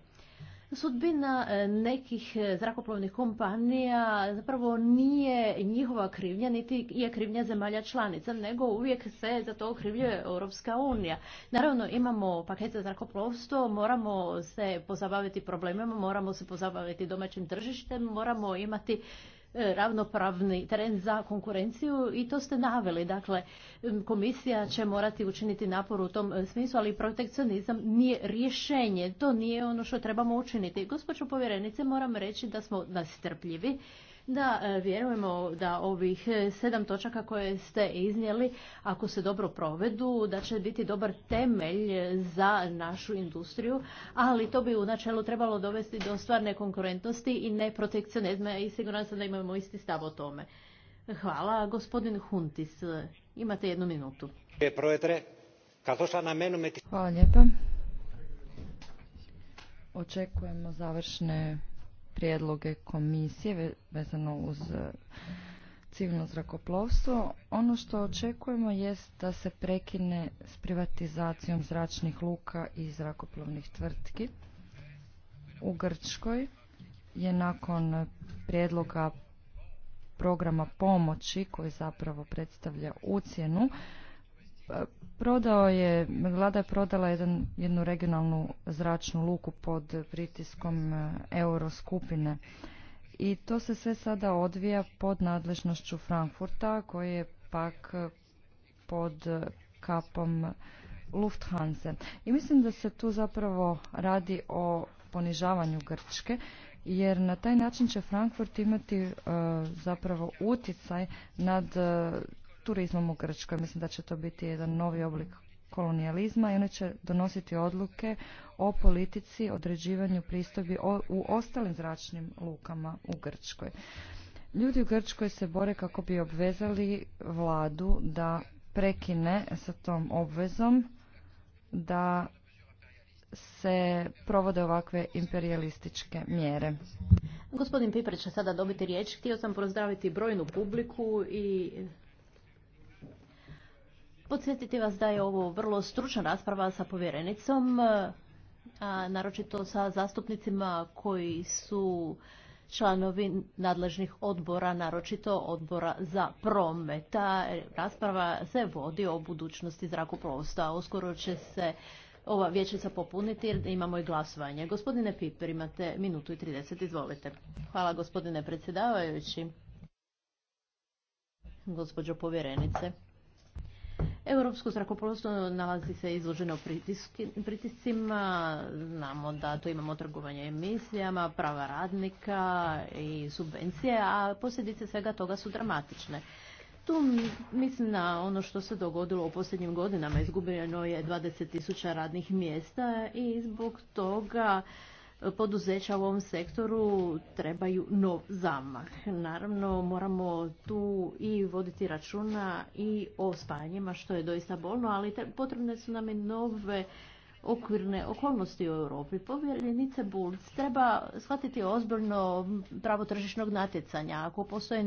sudbina e, nekih e, zrakoplovnih kompanija zapravo nije njihova krivnja, niti je krivnja zemalja članica, nego uvijek se za to okrivljuje Europska unija. Naravno, imamo paket za zrakoplovstvo, moramo se pozabaviti problemima, moramo se pozabaviti domaćim tržištem, moramo imati E, ravnopravni teren za konkurenciju i to ste naveli. Dakle, komisija će morati učiniti napor u tom e, smislu, ali protekcionizam nije rješenje. To nije ono što trebamo učiniti. Gospođo povjerenice, moram reći da smo nastrpljivi da e, vjerujemo da ovih e, sedam točaka koje ste iznijeli, ako se dobro provedu, da će biti dobar temelj za našu industriju, ali to bi u načelu trebalo dovesti do stvarne konkurentnosti i ne i siguran sam da imamo isti stav o tome. Hvala. Gospodin Huntis, imate jednu minutu. Hvala lijepa. Očekujemo završne prijedloge komisije vezano uz e, civilno zrakoplovstvo. Ono što očekujemo jest da se prekine s privatizacijom zračnih luka i zrakoplovnih tvrtki. U Grčkoj je nakon prijedloga programa pomoći koji zapravo predstavlja ucjenu pa, prodao je, vlada je prodala jedan, jednu regionalnu zračnu luku pod pritiskom e, euroskupine. I to se sve sada odvija pod nadležnošću Frankfurta koji je pak pod kapom Lufthansa. I mislim da se tu zapravo radi o ponižavanju Grčke jer na taj način će Frankfurt imati e, zapravo uticaj nad e, turizmom u Grčkoj. Mislim da će to biti jedan novi oblik kolonijalizma i one će donositi odluke o politici, određivanju pristojbi u ostalim zračnim lukama u Grčkoj. Ljudi u Grčkoj se bore kako bi obvezali vladu da prekine sa tom obvezom da se provode ovakve imperialističke mjere. Gospodin Piper će sada dobiti riječ. Htio sam pozdraviti brojnu publiku i Podsjetiti vas da je ovo vrlo stručna rasprava sa povjerenicom, a naročito sa zastupnicima koji su članovi nadležnih odbora, naročito odbora za prometa. rasprava se vodi o budućnosti zrakoplovstva. Uskoro će se ova vječnica popuniti jer imamo i glasovanje. Gospodine Piper, imate minutu i 30, izvolite. Hvala gospodine predsjedavajući. Gospođo povjerenice. Europsko zrakoplovstvo nalazi se izloženo pritiscima, znamo da tu imamo trgovanje emisijama, prava radnika i subvencije, a posljedice svega toga su dramatične. Tu mislim na ono što se dogodilo u posljednjim godinama. Izgubljeno je 20.000 tisuća radnih mjesta i zbog toga poduzeća u ovom sektoru trebaju nov zamah. Naravno, moramo tu i voditi računa i o spajanjima, što je doista bolno, ali potrebne su nam i nove okvirne okolnosti u Europi. Povjerenice Bulc treba shvatiti ozbiljno pravo tržišnog natjecanja. Ako postoje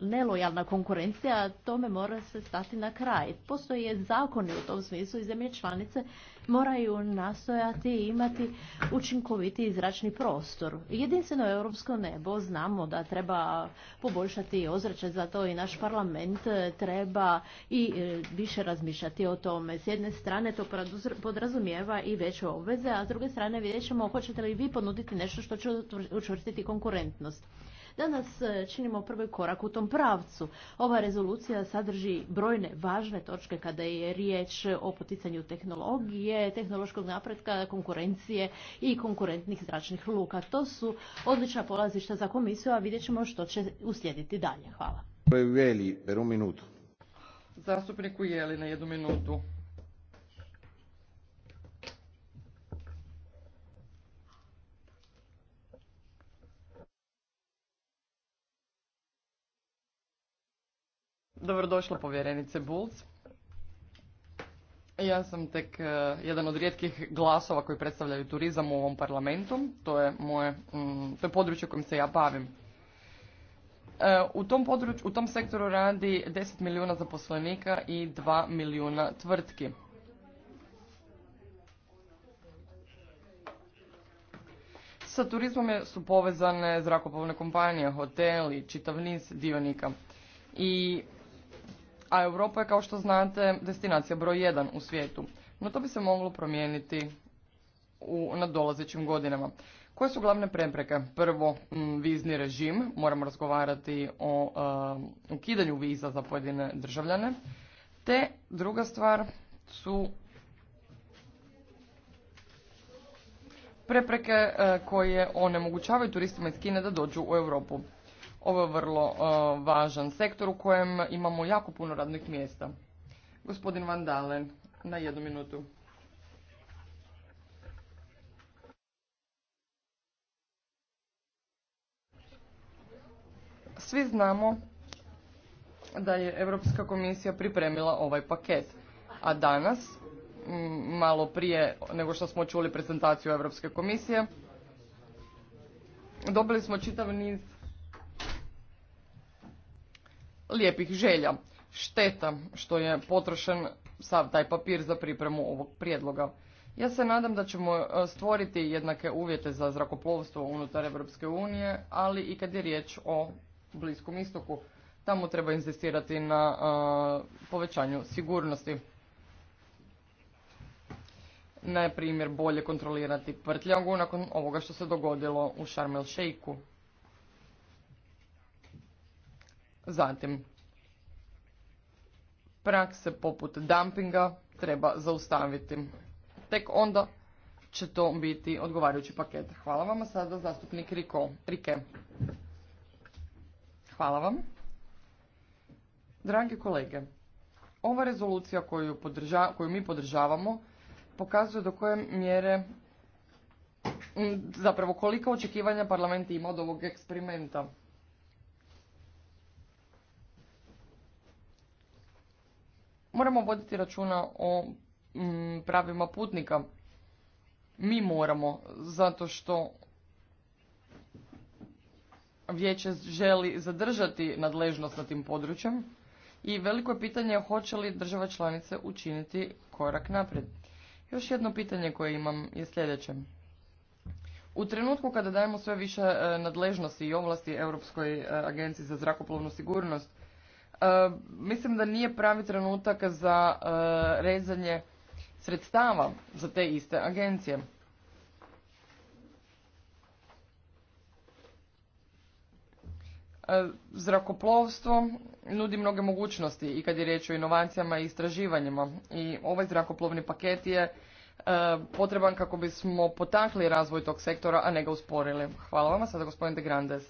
nelojalna konkurencija, tome mora se stati na kraj. Postoje zakoni u tom smislu i zemlje članice moraju nastojati imati učinkoviti zračni prostor. Jedinstveno europsko nebo znamo da treba poboljšati ozračje za to i naš parlament treba i e, više razmišljati o tome. S jedne strane to podrazumijeva i veće obveze, a s druge strane vidjet ćemo hoćete li vi ponuditi nešto što će učvrstiti konkurentnost. Danas e, činimo prvi korak u tom pravcu. Ova rezolucija sadrži brojne važne točke kada je riječ o poticanju tehnologije, tehnološkog napretka, konkurencije i konkurentnih zračnih luka. To su odlična polazišta za komisiju, a vidjet ćemo što će uslijediti dalje. Hvala. Zastupniku Jeli na jednu minutu. Dobrodošla povjerenice Bulc. Ja sam tek e, jedan od rijetkih glasova koji predstavljaju turizam u ovom parlamentu. To je moje, mm, to je područje kojim se ja bavim. E, u tom, u tom sektoru radi 10 milijuna zaposlenika i 2 milijuna tvrtki. Sa turizmom su povezane zrakoplovne kompanije, hoteli, čitav niz dionika. I a Europa je kao što znate destinacija broj jedan u svijetu. No to bi se moglo promijeniti u nadolazećim godinama. Koje su glavne prepreke? Prvo, mm, vizni režim. Moramo razgovarati o eh, ukidanju viza za pojedine državljane. Te druga stvar su prepreke eh, koje onemogućavaju turistima iz Kine da dođu u Europu. Ovo je vrlo e, važan sektor u kojem imamo jako puno radnih mjesta. Gospodin Van Dalen, na jednu minutu. Svi znamo da je Europska komisija pripremila ovaj paket, a danas, malo prije nego što smo čuli prezentaciju Europske komisije, dobili smo čitav niz lijepih želja. Šteta što je potrošen sav taj papir za pripremu ovog prijedloga. Ja se nadam da ćemo e, stvoriti jednake uvjete za zrakoplovstvo unutar Europske unije, ali i kad je riječ o Bliskom istoku. Tamo treba insistirati na e, povećanju sigurnosti. Na primjer, bolje kontrolirati prtljagu nakon ovoga što se dogodilo u Sharm el Zatim, prakse poput dumpinga treba zaustaviti. Tek onda će to biti odgovarajući paket. Hvala vam, sada zastupnik Riko, Rike. Hvala vam. Dragi kolege, ova rezolucija koju, koju mi podržavamo pokazuje do koje mjere, zapravo kolika očekivanja parlament ima od ovog eksperimenta. Moramo voditi računa o mm, pravima putnika. Mi moramo, zato što vijeće želi zadržati nadležnost na tim područjem i veliko je pitanje hoće li država članice učiniti korak naprijed. Još jedno pitanje koje imam je sljedeće. U trenutku kada dajemo sve više e, nadležnosti i ovlasti Europskoj e, agenciji za zrakoplovnu sigurnost, E, mislim da nije pravi trenutak za e, rezanje sredstava za te iste agencije. E, zrakoplovstvo nudi mnoge mogućnosti i kad je riječ o inovacijama i istraživanjima i ovaj zrakoplovni paket je potreban kako bismo potakli razvoj tog sektora, a ne ga usporili. Hvala vam, sada gospodin De Grandes.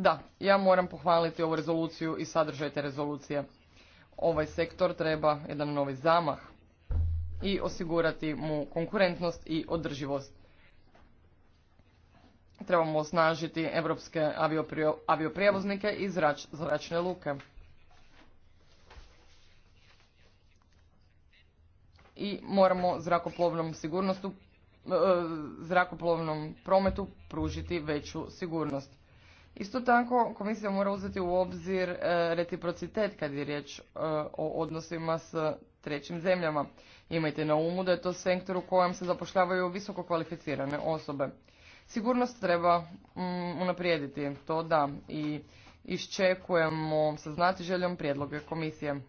Da, ja moram pohvaliti ovu rezoluciju i sadržaj te rezolucije. Ovaj sektor treba jedan novi zamah i osigurati mu konkurentnost i održivost. Trebamo osnažiti evropske avioprijevoznike i zračne luke. I moramo zrakoplovnom sigurnostu, e, zrakoplovnom prometu pružiti veću sigurnost. Isto tako, komisija mora uzeti u obzir e, reciprocitet kad je riječ e, o odnosima s trećim zemljama. Imajte na umu da je to sektor u kojem se zapošljavaju visoko kvalificirane osobe. Sigurnost treba mm, unaprijediti, to da, i iščekujemo sa znati željom prijedloge komisije.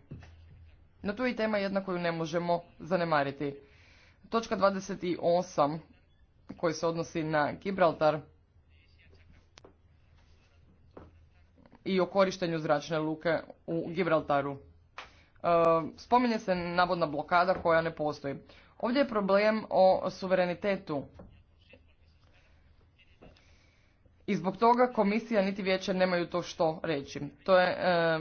No tu je i tema jedna koju ne možemo zanemariti. Točka 28 koji se odnosi na Gibraltar i o korištenju zračne luke u Gibraltaru. E, spominje se navodna blokada koja ne postoji. Ovdje je problem o suverenitetu. I zbog toga komisija niti vijeće nemaju to što reći. To je e,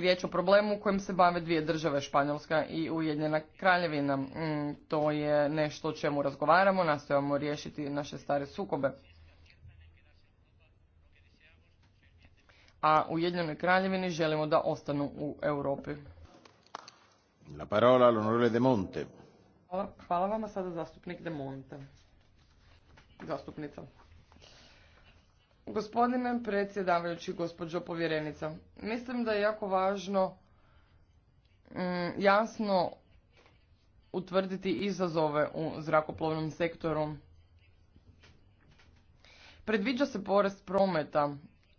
riječ o problemu u kojem se bave dvije države, Španjolska i Ujedinjena kraljevina. Mm, to je nešto o čemu razgovaramo, nastojamo riješiti naše stare sukobe. a Ujedinjenoj kraljevini želimo da ostanu u Europi. La parola De Monte. Hvala, vama sada zastupnik De Monte. Zastupnica. Gospodine predsjedavajući, gospođo povjerenica, mislim da je jako važno mm, jasno utvrditi izazove u zrakoplovnom sektoru. Predviđa se porast prometa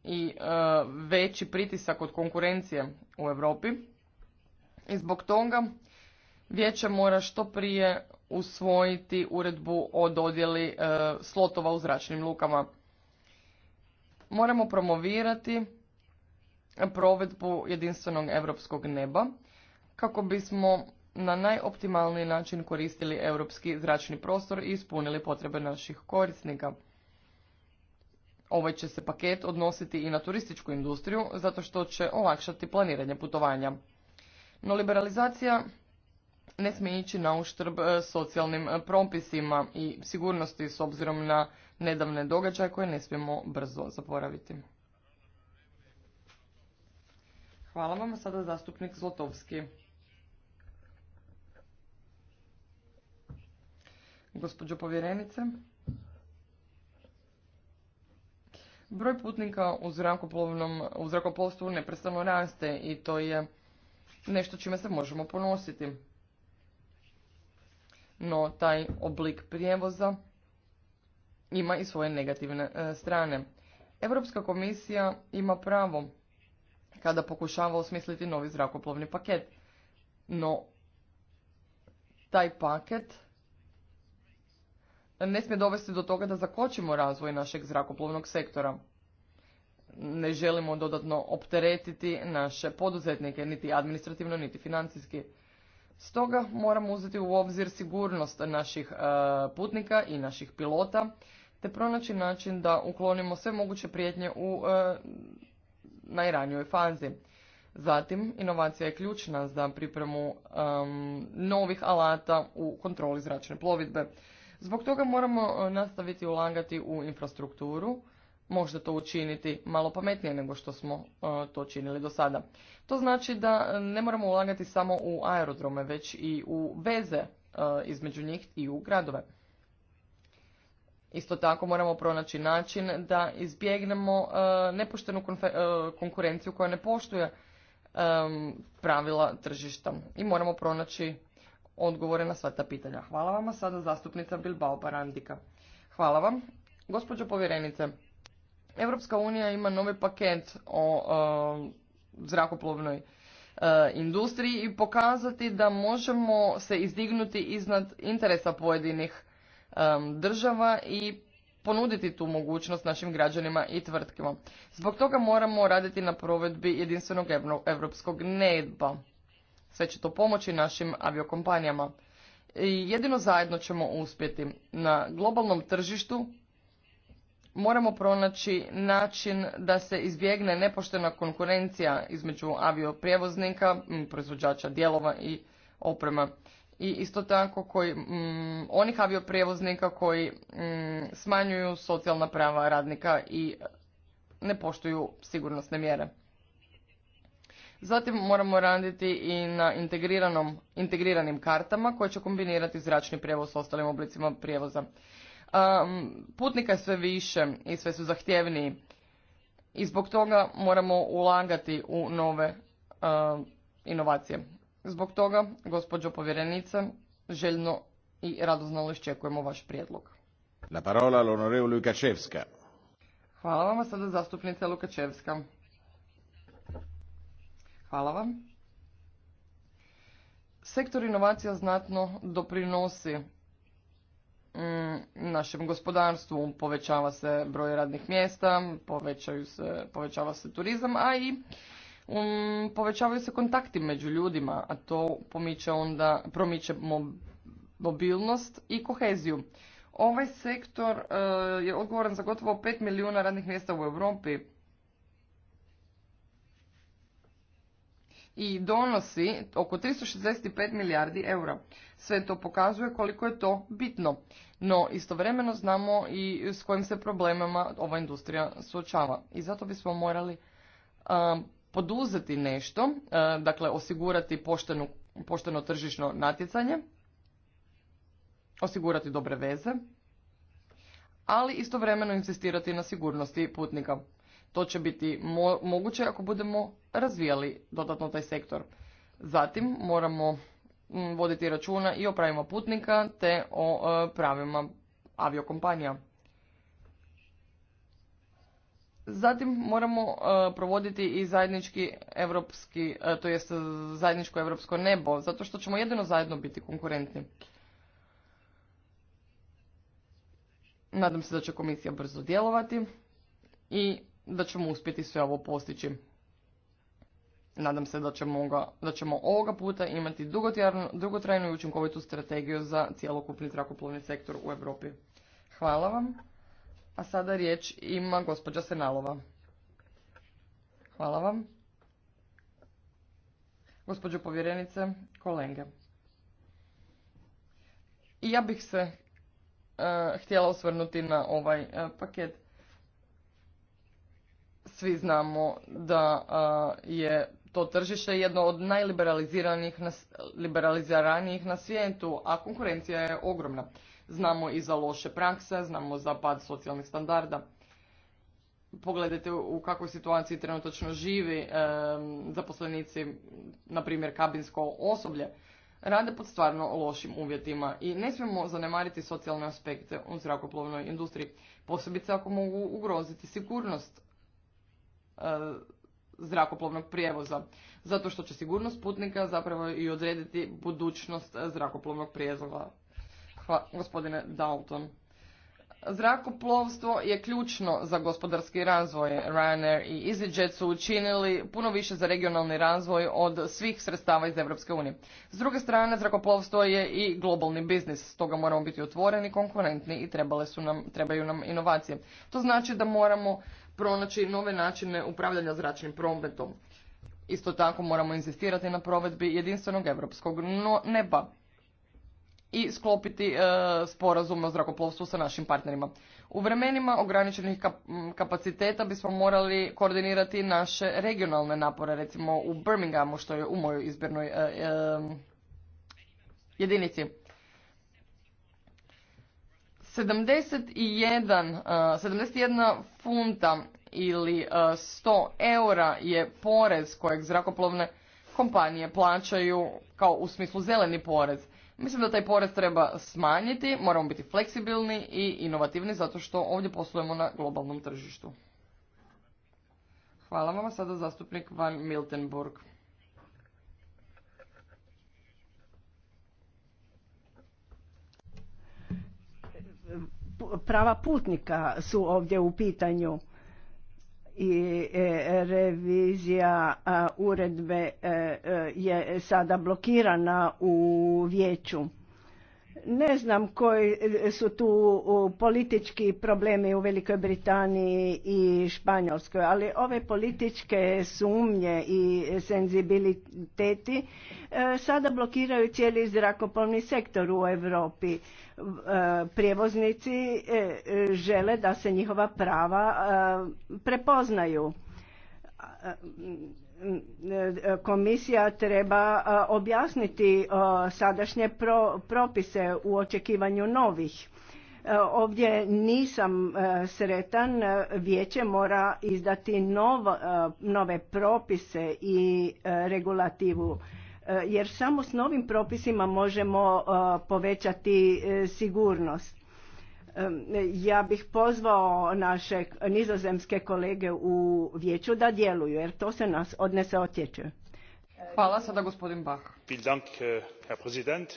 i e, veći pritisak od konkurencije u Europi. I zbog toga vijeće mora što prije usvojiti uredbu o dodjeli e, slotova u zračnim lukama. Moramo promovirati provedbu jedinstvenog europskog neba kako bismo na najoptimalniji način koristili europski zračni prostor i ispunili potrebe naših korisnika. Ovaj će se paket odnositi i na turističku industriju, zato što će olakšati planiranje putovanja. No liberalizacija ne smije ići na uštrb e, socijalnim e, propisima i sigurnosti s obzirom na nedavne događaje koje ne smijemo brzo zaboraviti. Hvala vam, sada zastupnik Zlotovski. Gospođo povjerenice. Broj putnika u, u zrakoplovstvu neprestano raste i to je nešto čime se možemo ponositi. No, taj oblik prijevoza ima i svoje negativne e, strane. Europska komisija ima pravo kada pokušava osmisliti novi zrakoplovni paket, no taj paket ne smije dovesti do toga da zakočimo razvoj našeg zrakoplovnog sektora. Ne želimo dodatno opteretiti naše poduzetnike, niti administrativno, niti financijski. Stoga moramo uzeti u obzir sigurnost naših e, putnika i naših pilota, te pronaći način da uklonimo sve moguće prijetnje u e, najranijoj fazi. Zatim, inovacija je ključna za pripremu novih alata u kontroli zračne plovidbe. Zbog toga moramo e, nastaviti ulagati u infrastrukturu, možda to učiniti malo pametnije nego što smo e, to činili do sada. To znači da e, ne moramo ulagati samo u aerodrome, već i u veze između njih i u gradove. Isto tako moramo pronaći način da izbjegnemo nepoštenu konkurenciju koja ne poštuje pravila tržišta i moramo pronaći odgovore na sva ta pitanja. Hvala vam, sada zastupnica Bilbao Barandika. Hvala vam. Gospođo povjerenice, Europska unija ima novi paket o, e, zrakoplovnoj e, industriji i pokazati da možemo se izdignuti iznad interesa pojedinih e, država i ponuditi tu mogućnost našim građanima i tvrtkama. Zbog toga moramo raditi na provedbi jedinstvenog evropskog nedba. Sve će to pomoći našim aviokompanijama. I jedino zajedno ćemo uspjeti. Na globalnom tržištu moramo pronaći način da se izbjegne nepoštena konkurencija između avioprijevoznika, proizvođača dijelova i oprema. I isto tako koji, onih avioprijevoznika koji smanjuju socijalna prava radnika i ne poštuju sigurnosne mjere. Zatim moramo raditi i na integriranom, integriranim kartama koje će kombinirati zračni prijevoz s ostalim oblicima prijevoza. putnika je sve više i sve su zahtjevniji i zbog toga moramo ulagati u nove inovacije. Zbog toga, gospođo povjerenice, željno i radoznalo iščekujemo vaš prijedlog. La parola Hvala vam, sada zastupnica Lukačevska. Hvala vam. Sektor inovacija znatno doprinosi mm, našem gospodarstvu povećava se broj radnih mjesta, povećava se turizam, a i mm, povećavaju se kontakti među ljudima, a to pomiče onda, promiče mobilnost i koheziju. Ovaj sektor e, je odgovoran za gotovo 5 milijuna radnih mjesta u Europi i donosi oko 365 milijardi eura. Sve to pokazuje koliko je to bitno, no istovremeno znamo i s kojim se problemama ova industrija suočava. I zato bismo morali um, poduzeti nešto, uh, dakle osigurati poštenu, pošteno tržišno natjecanje, osigurati dobre veze, ali istovremeno insistirati na sigurnosti putnika. To će biti moguće ako budemo razvijali dodatno taj sektor. Zatim moramo mm, voditi računa i o pravima putnika te o e, pravima aviokompanija. Zatim moramo e, provoditi i zajednički evropski, e, to jest zajedničko evropsko nebo, zato što ćemo jedino zajedno biti konkurentni. Nadam se da će komisija brzo djelovati i da ćemo uspjeti sve ovo postići. Nadam se da ćemo, ovoga puta imati dugotrajnu i učinkovitu strategiju za cjelokupni zrakoplovni sektor u Europi. Hvala vam. A sada riječ ima gospođa Senalova. Hvala vam. Gospođo povjerenice, kolege. I ja bih se e, htjela osvrnuti na ovaj e, paket svi znamo da je to tržište jedno od najliberaliziranijih na, liberaliziranijih na svijetu, a konkurencija je ogromna. Znamo i za loše prakse, znamo za pad socijalnih standarda. Pogledajte u kakvoj situaciji trenutačno živi e, zaposlenici, na primjer kabinsko osoblje, rade pod stvarno lošim uvjetima i ne smijemo zanemariti socijalne aspekte u zrakoplovnoj industriji, posebice ako mogu ugroziti sigurnost E, zrakoplovnog prijevoza, zato što će sigurnost putnika zapravo i odrediti budućnost zrakoplovnog prijevoza. Hvala gospodine Dalton. Zrakoplovstvo je ključno za gospodarski razvoj. Ryanair i EasyJet su učinili puno više za regionalni razvoj od svih sredstava iz Europske unije. S druge strane, zrakoplovstvo je i globalni biznis, stoga moramo biti otvoreni, konkurentni i trebale trebaju nam inovacije. To znači da moramo pronaći nove načine upravljanja zračnim prometom. Isto tako moramo insistirati na provedbi jedinstvenog europskog neba i sklopiti e, sporazum o zrakoplovstvu sa našim partnerima. U vremenima ograničenih kapaciteta bismo morali koordinirati naše regionalne napore, recimo u Birminghamu, što je u mojoj izbirnoj e, e, jedinici. 71, eh, funta ili 100 eh, eura je porez kojeg zrakoplovne kompanije plaćaju kao u smislu zeleni porez. Mislim da taj porez treba smanjiti, moramo biti fleksibilni i inovativni zato što ovdje poslujemo na globalnom tržištu. Hvala vam, sada zastupnik Van Miltenburg. prava putnika su ovdje u pitanju i e, revizija uredbe e, e, je sada blokirana u vijeću ne znam koji su tu politički problemi u Velikoj Britaniji i Španjolskoj, ali ove političke sumnje i senzibiliteti e, sada blokiraju cijeli zrakoplovni sektor u Europi. E, prijevoznici e, žele da se njihova prava prepoznaju komisija treba objasniti sadašnje propise u očekivanju novih. Ovdje nisam sretan, vijeće mora izdati nove propise i regulativu jer samo s novim propisima možemo povećati e, sigurnost ja bih pozvao naše nizozemske kolege u vijeću da djeluju, jer to se nas odnese otječe. Hvala sada gospodin Bach. vielen... Eh,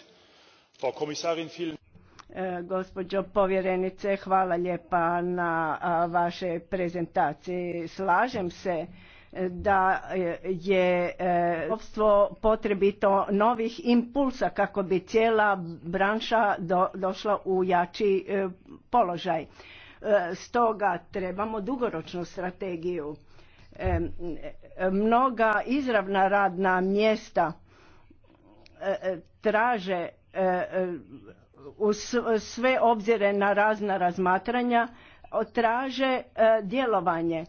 e, gospođo povjerenice, hvala lijepa na vašoj prezentaciji. Slažem se da je e, lovstvo potrebito novih impulsa kako bi cijela branša došla u jači e, položaj. E, stoga trebamo dugoročnu strategiju. Mnoga izravna radna mjesta traže sve obzire na razna razmatranja traže djelovanje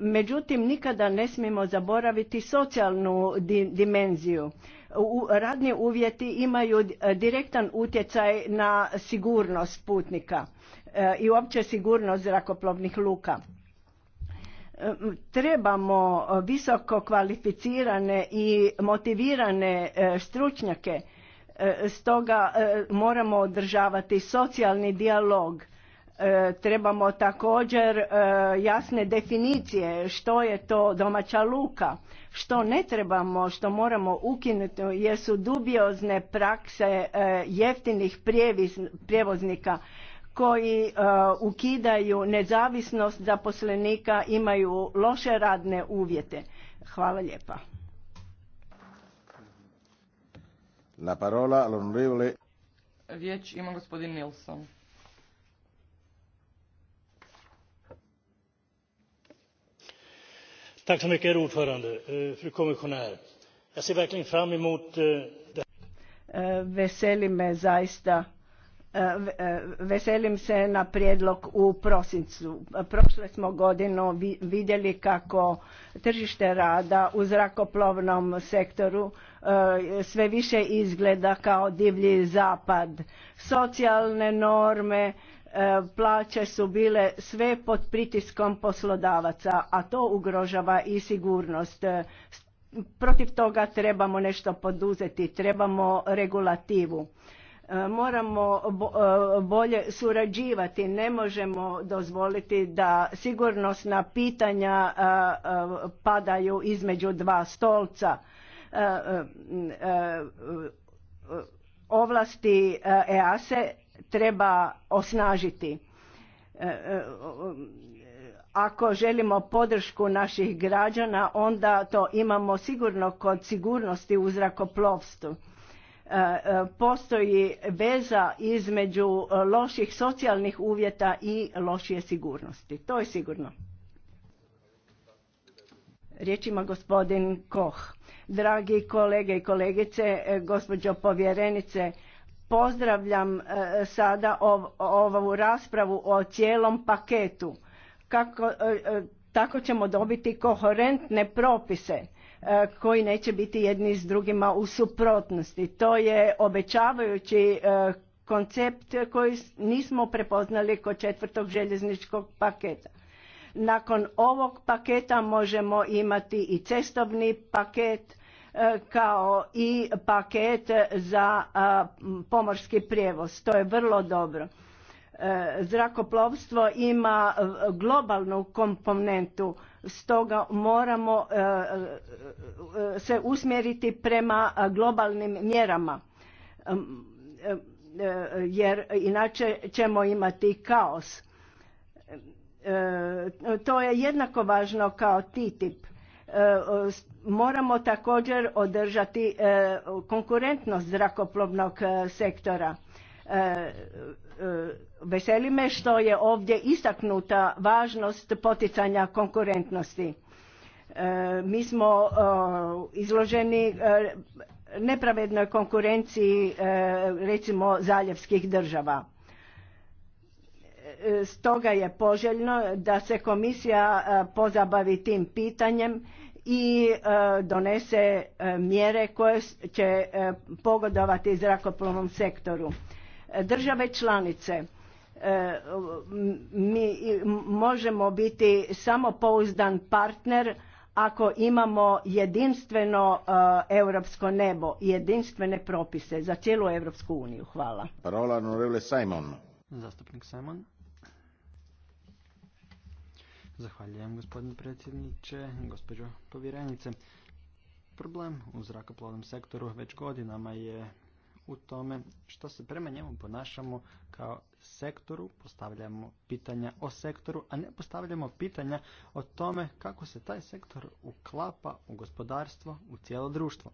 Međutim, nikada ne smijemo zaboraviti socijalnu dimenziju. radni uvjeti imaju e, direktan utjecaj na sigurnost putnika e, i uopće sigurnost zrakoplovnih luka. E, trebamo visoko kvalificirane i motivirane stručnjake, stoga moramo održavati socijalni dijalog E, trebamo također e, jasne definicije što je to domaća luka što ne trebamo što moramo ukinuti jesu dubiozne prakse e, jeftinih prijevoznika koji ukidaju nezavisnost zaposlenika imaju loše radne uvjete hvala lijepa La parola Riječ ima gospodin Nilsson. herr eh, kommissionär, eh, eh, Veseli me zaista, veselim se na prijedlog u prosincu. Prošle smo godinu vidjeli kako tržište rada u zrakoplovnom sektoru sve više izgleda kao divlji zapad. Socijalne norme, E, plaće su bile sve pod pritiskom poslodavaca, a to ugrožava i sigurnost. E, protiv toga trebamo nešto poduzeti, trebamo regulativu. E, moramo bolje surađivati, ne možemo dozvoliti da sigurnosna pitanja padaju između dva stolca ovlasti EASE treba osnažiti. E, e, ako želimo podršku naših građana, onda to imamo sigurno kod sigurnosti u zrakoplovstvu. E, postoji veza između loših socijalnih uvjeta i lošije sigurnosti. To je sigurno. Riječ ima gospodin Koh. Dragi kolege i kolegice, gospođo povjerenice, Pozdravljam e, sada ovu raspravu o cijelom paketu. Kako, e, e, tako ćemo dobiti koherentne propise koji neće biti jedni s drugima u suprotnosti. To je obećavajući koncept koji nismo prepoznali kod četvrtog željezničkog paketa. Nakon ovog paketa možemo imati i cestovni paket E, kao i paket za pomorski prijevoz. To je vrlo dobro. E, zrakoplovstvo ima e, globalnu komponentu, stoga moramo se usmjeriti prema globalnim mjerama jer inače ćemo imati kaos. To je jednako važno kao TTIP E, moramo također održati e, konkurentnost zrakoplovnog e, sektora. Veseli me što je ovdje istaknuta važnost poticanja konkurentnosti. Mi smo izloženi nepravednoj konkurenciji recimo zaljevskih država Stoga je poželjno da se komisija e, pozabavi tim pitanjem i e, donese e, mjere koje će pogodovati zrakoplovnom sektoru. Države članice mi možemo biti samo pouzdan partner ako imamo jedinstveno europsko nebo i jedinstvene propise za cijelu Europsku uniju. Hvala. Parola Simon. Zastupnik Simon. Zahvaljujem gospodine predsjedniče, gospođo povjerenice. Problem u zrakoplovnom sektoru već godinama je u tome što se prema njemu ponašamo kao sektoru, postavljamo pitanja o sektoru, a ne postavljamo pitanja o tome kako se taj sektor uklapa u gospodarstvo, u cijelo društvo.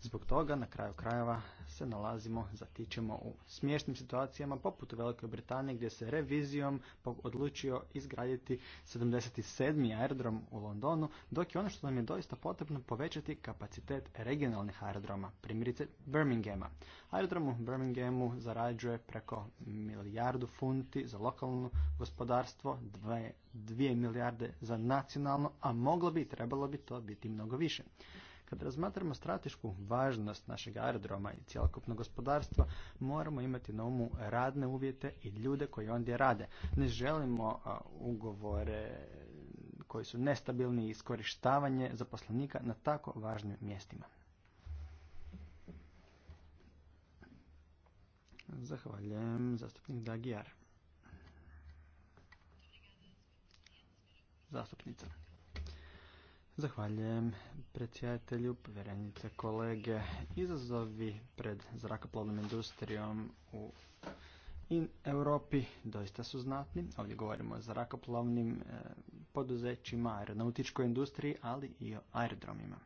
Zbog toga na kraju krajeva se nalazimo, zatičemo u smiješnim situacijama poput Velike Britanije gdje se revizijom odlučio izgraditi 77. aerodrom u Londonu, dok je ono što nam je doista potrebno povećati kapacitet regionalnih aerodroma, primjerice Birminghama. Aerodrom u Birminghamu zarađuje preko milijardu milijardu funti za lokalno gospodarstvo, 2, milijarde za nacionalno, a moglo bi i trebalo bi to biti mnogo više. Kad razmatramo stratešku važnost našeg aerodroma i cjelokupnog gospodarstva, moramo imati na umu radne uvjete i ljude koji ondje rade. Ne želimo ugovore koji su nestabilni i iskorištavanje zaposlenika na tako važnim mjestima. Zahvaljujem, zastupnik Dagijar. Zastupnica. Zahvaljujem predsjedatelju, povjerenice, kolege. Izazovi pred zrakoplovnom industrijom u in Europi doista su znatni. Ovdje govorimo o zrakoplovnim eh, poduzećima, aeronautičkoj industriji, ali i o aerodromima.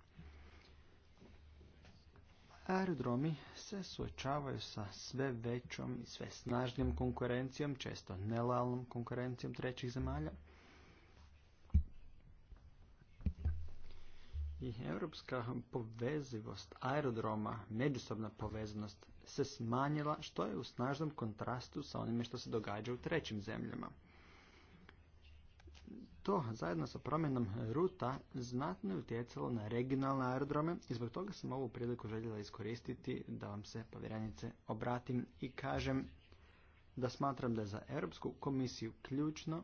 Aerodromi se suočavaju sa sve većom i sve snažnijom konkurencijom, često nelalnom konkurencijom trećih zemalja. I europska povezivost aerodroma, međusobna povezanost se smanjila što je u snažnom kontrastu sa onime što se događa u trećim zemljama. To zajedno sa promjenom ruta znatno je utjecalo na regionalne aerodrome i zbog toga sam ovu priliku željela iskoristiti da vam se povjerenice obratim i kažem da smatram da je za Europsku komisiju ključno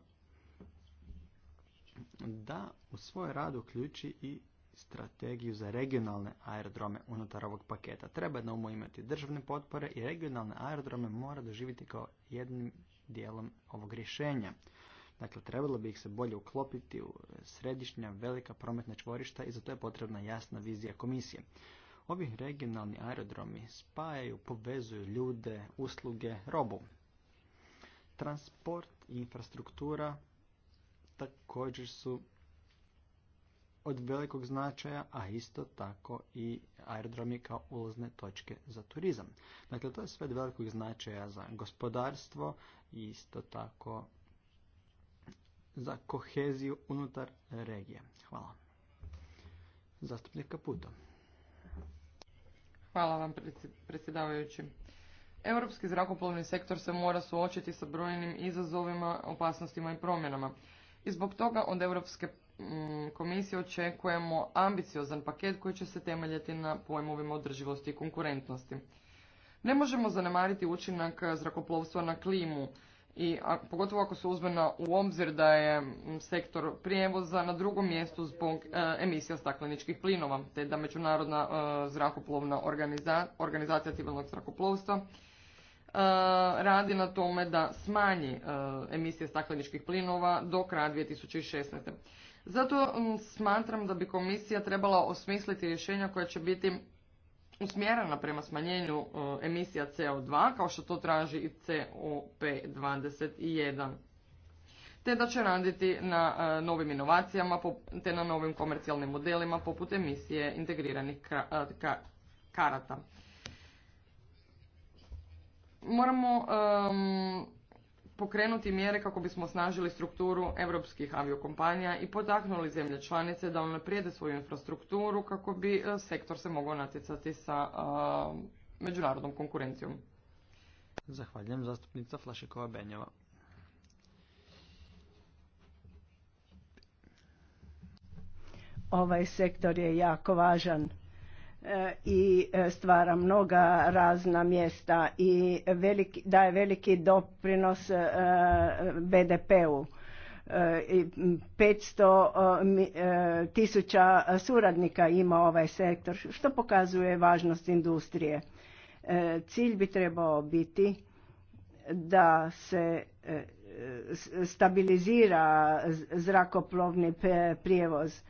da u svoj rad uključi i strategiju za regionalne aerodrome unutar ovog paketa. Treba na umu imati državne potpore i regionalne aerodrome mora doživjeti kao jednim dijelom ovog rješenja. Dakle, trebalo bi ih se bolje uklopiti u središnja velika prometna čvorišta i za to je potrebna jasna vizija komisije. Ovi regionalni aerodromi spajaju, povezuju ljude, usluge, robu. Transport i infrastruktura također su od velikog značaja, a isto tako i aerodromi kao ulazne točke za turizam. Dakle, to je sve od velikog značaja za gospodarstvo i isto tako za koheziju unutar regije. Hvala. Zastupnik Hvala vam predsjedavajući. Europski zrakoplovni sektor se mora suočiti sa brojnim izazovima, opasnostima i promjenama. I zbog toga od Europske mm, komisije očekujemo ambiciozan paket koji će se temeljiti na pojmovima održivosti i konkurentnosti. Ne možemo zanemariti učinak zrakoplovstva na klimu i pogotovo ako se uzme na, u obzir da je sektor prijevoza na drugom mjestu zbog e, emisija stakleničkih plinova, te da Međunarodna e, zrakoplovna organiza, organizacija civilnog zrakoplovstva e, radi na tome da smanji e, emisije stakleničkih plinova do kraja 2016. Zato smatram da bi komisija trebala osmisliti rješenja koja će biti usmjerena prema smanjenju e, emisija CO2, kao što to traži i COP21, te da će raditi na e, novim inovacijama te na novim komercijalnim modelima poput emisije integriranih e, karata. Moramo pokrenuti mjere kako bismo snažili strukturu europskih aviokompanija i potaknuli zemlje članice da unaprijede svoju infrastrukturu kako bi e, sektor se mogao natjecati sa e, međunarodnom konkurencijom. Zahvaljujem zastupnica Flašikova Benjeva. Ovaj sektor je jako važan E, i e, stvara mnoga razna mjesta i veliki, daje veliki doprinos e, BDP-u. 500 tisuća suradnika ima ovaj sektor, što pokazuje važnost industrije. Cilj bi trebao biti da se stabilizira zrakoplovni prijevoz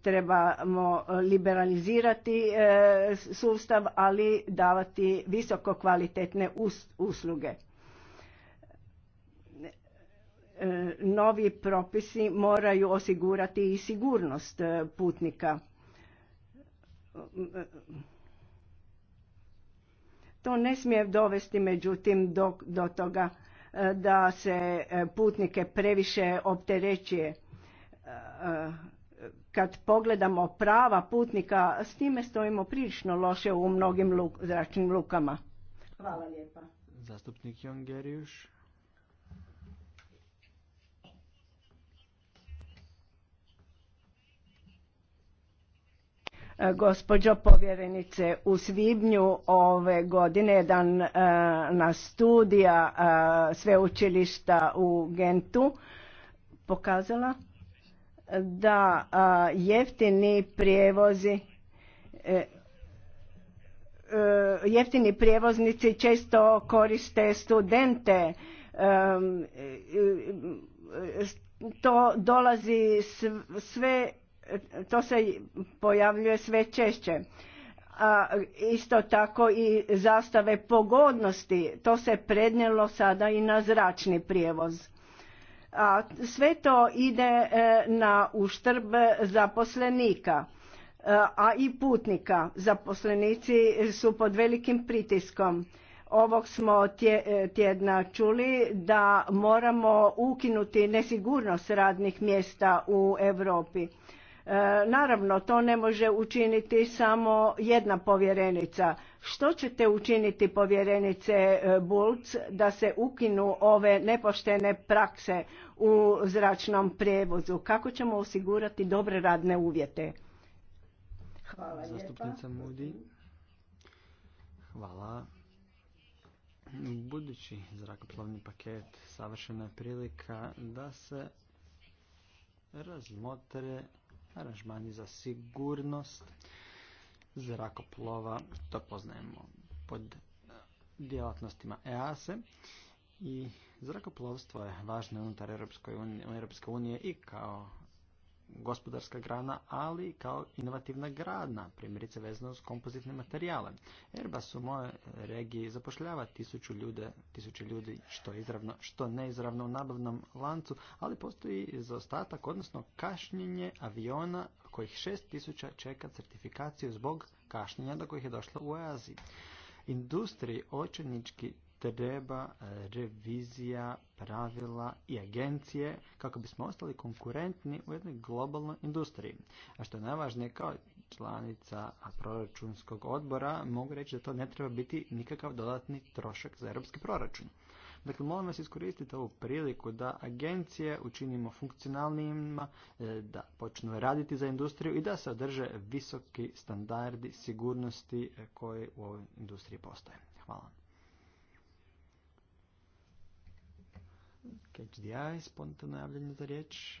trebamo liberalizirati e, sustav, ali davati visoko kvalitetne usluge. E, novi propisi moraju osigurati i sigurnost e, putnika. To ne smije dovesti međutim do, do toga da se putnike previše opterećuje kad pogledamo prava putnika, s time stojimo prilično loše u mnogim zračnim lukama. Hvala lijepa. Zastupnik e, Gospođo povjerenice, u svibnju ove godine dan e, na studija e, sveučilišta u Gentu pokazala da jeftini prijevozi e, e, jeftini prijevoznici često koriste studente e, to dolazi sve to se pojavljuje sve češće a isto tako i zastave pogodnosti to se prednjelo sada i na zračni prijevoz a sve to ide e, na uštrb zaposlenika e, a i putnika. Zaposlenici su pod velikim pritiskom. Ovog smo e, tjedna čuli da moramo ukinuti nesigurnost radnih mjesta u Europi. Naravno, to ne može učiniti samo jedna povjerenica. Što ćete učiniti povjerenice Bulc da se ukinu ove nepoštene prakse? u zračnom prevozu? Kako ćemo osigurati dobre radne uvjete? Hvala Zastupnica Hvala. Budući zrakoplovni paket savršena je prilika da se razmotre aranžmani za sigurnost zrakoplova. To poznajemo pod djelatnostima EASE. I zrakoplovstvo je važno unutar Europske unije i kao gospodarska grana, ali i kao inovativna gradna, primjerice vezano s kompozitne materijale. Airbus u mojoj regiji zapošljava tisuću ljude, tisuću ljudi što izravno, što neizravno u nabavnom lancu, ali postoji zaostatak, odnosno kašnjenje aviona kojih šest tisuća čeka certifikaciju zbog kašnjenja do kojih je došlo u Aziji. Industriji očenički treba e, revizija pravila i agencije kako bismo ostali konkurentni u jednoj globalnoj industriji. A što je najvažnije, kao članica proračunskog odbora, mogu reći da to ne treba biti nikakav dodatni trošak za europski proračun. Dakle, molim vas iskoristiti ovu priliku da agencije učinimo funkcionalnijima, e, da počnu raditi za industriju i da se održe visoki standardi sigurnosti e, koji u ovoj industriji postoje. Hvala. HDI, ja i spontano za riječ.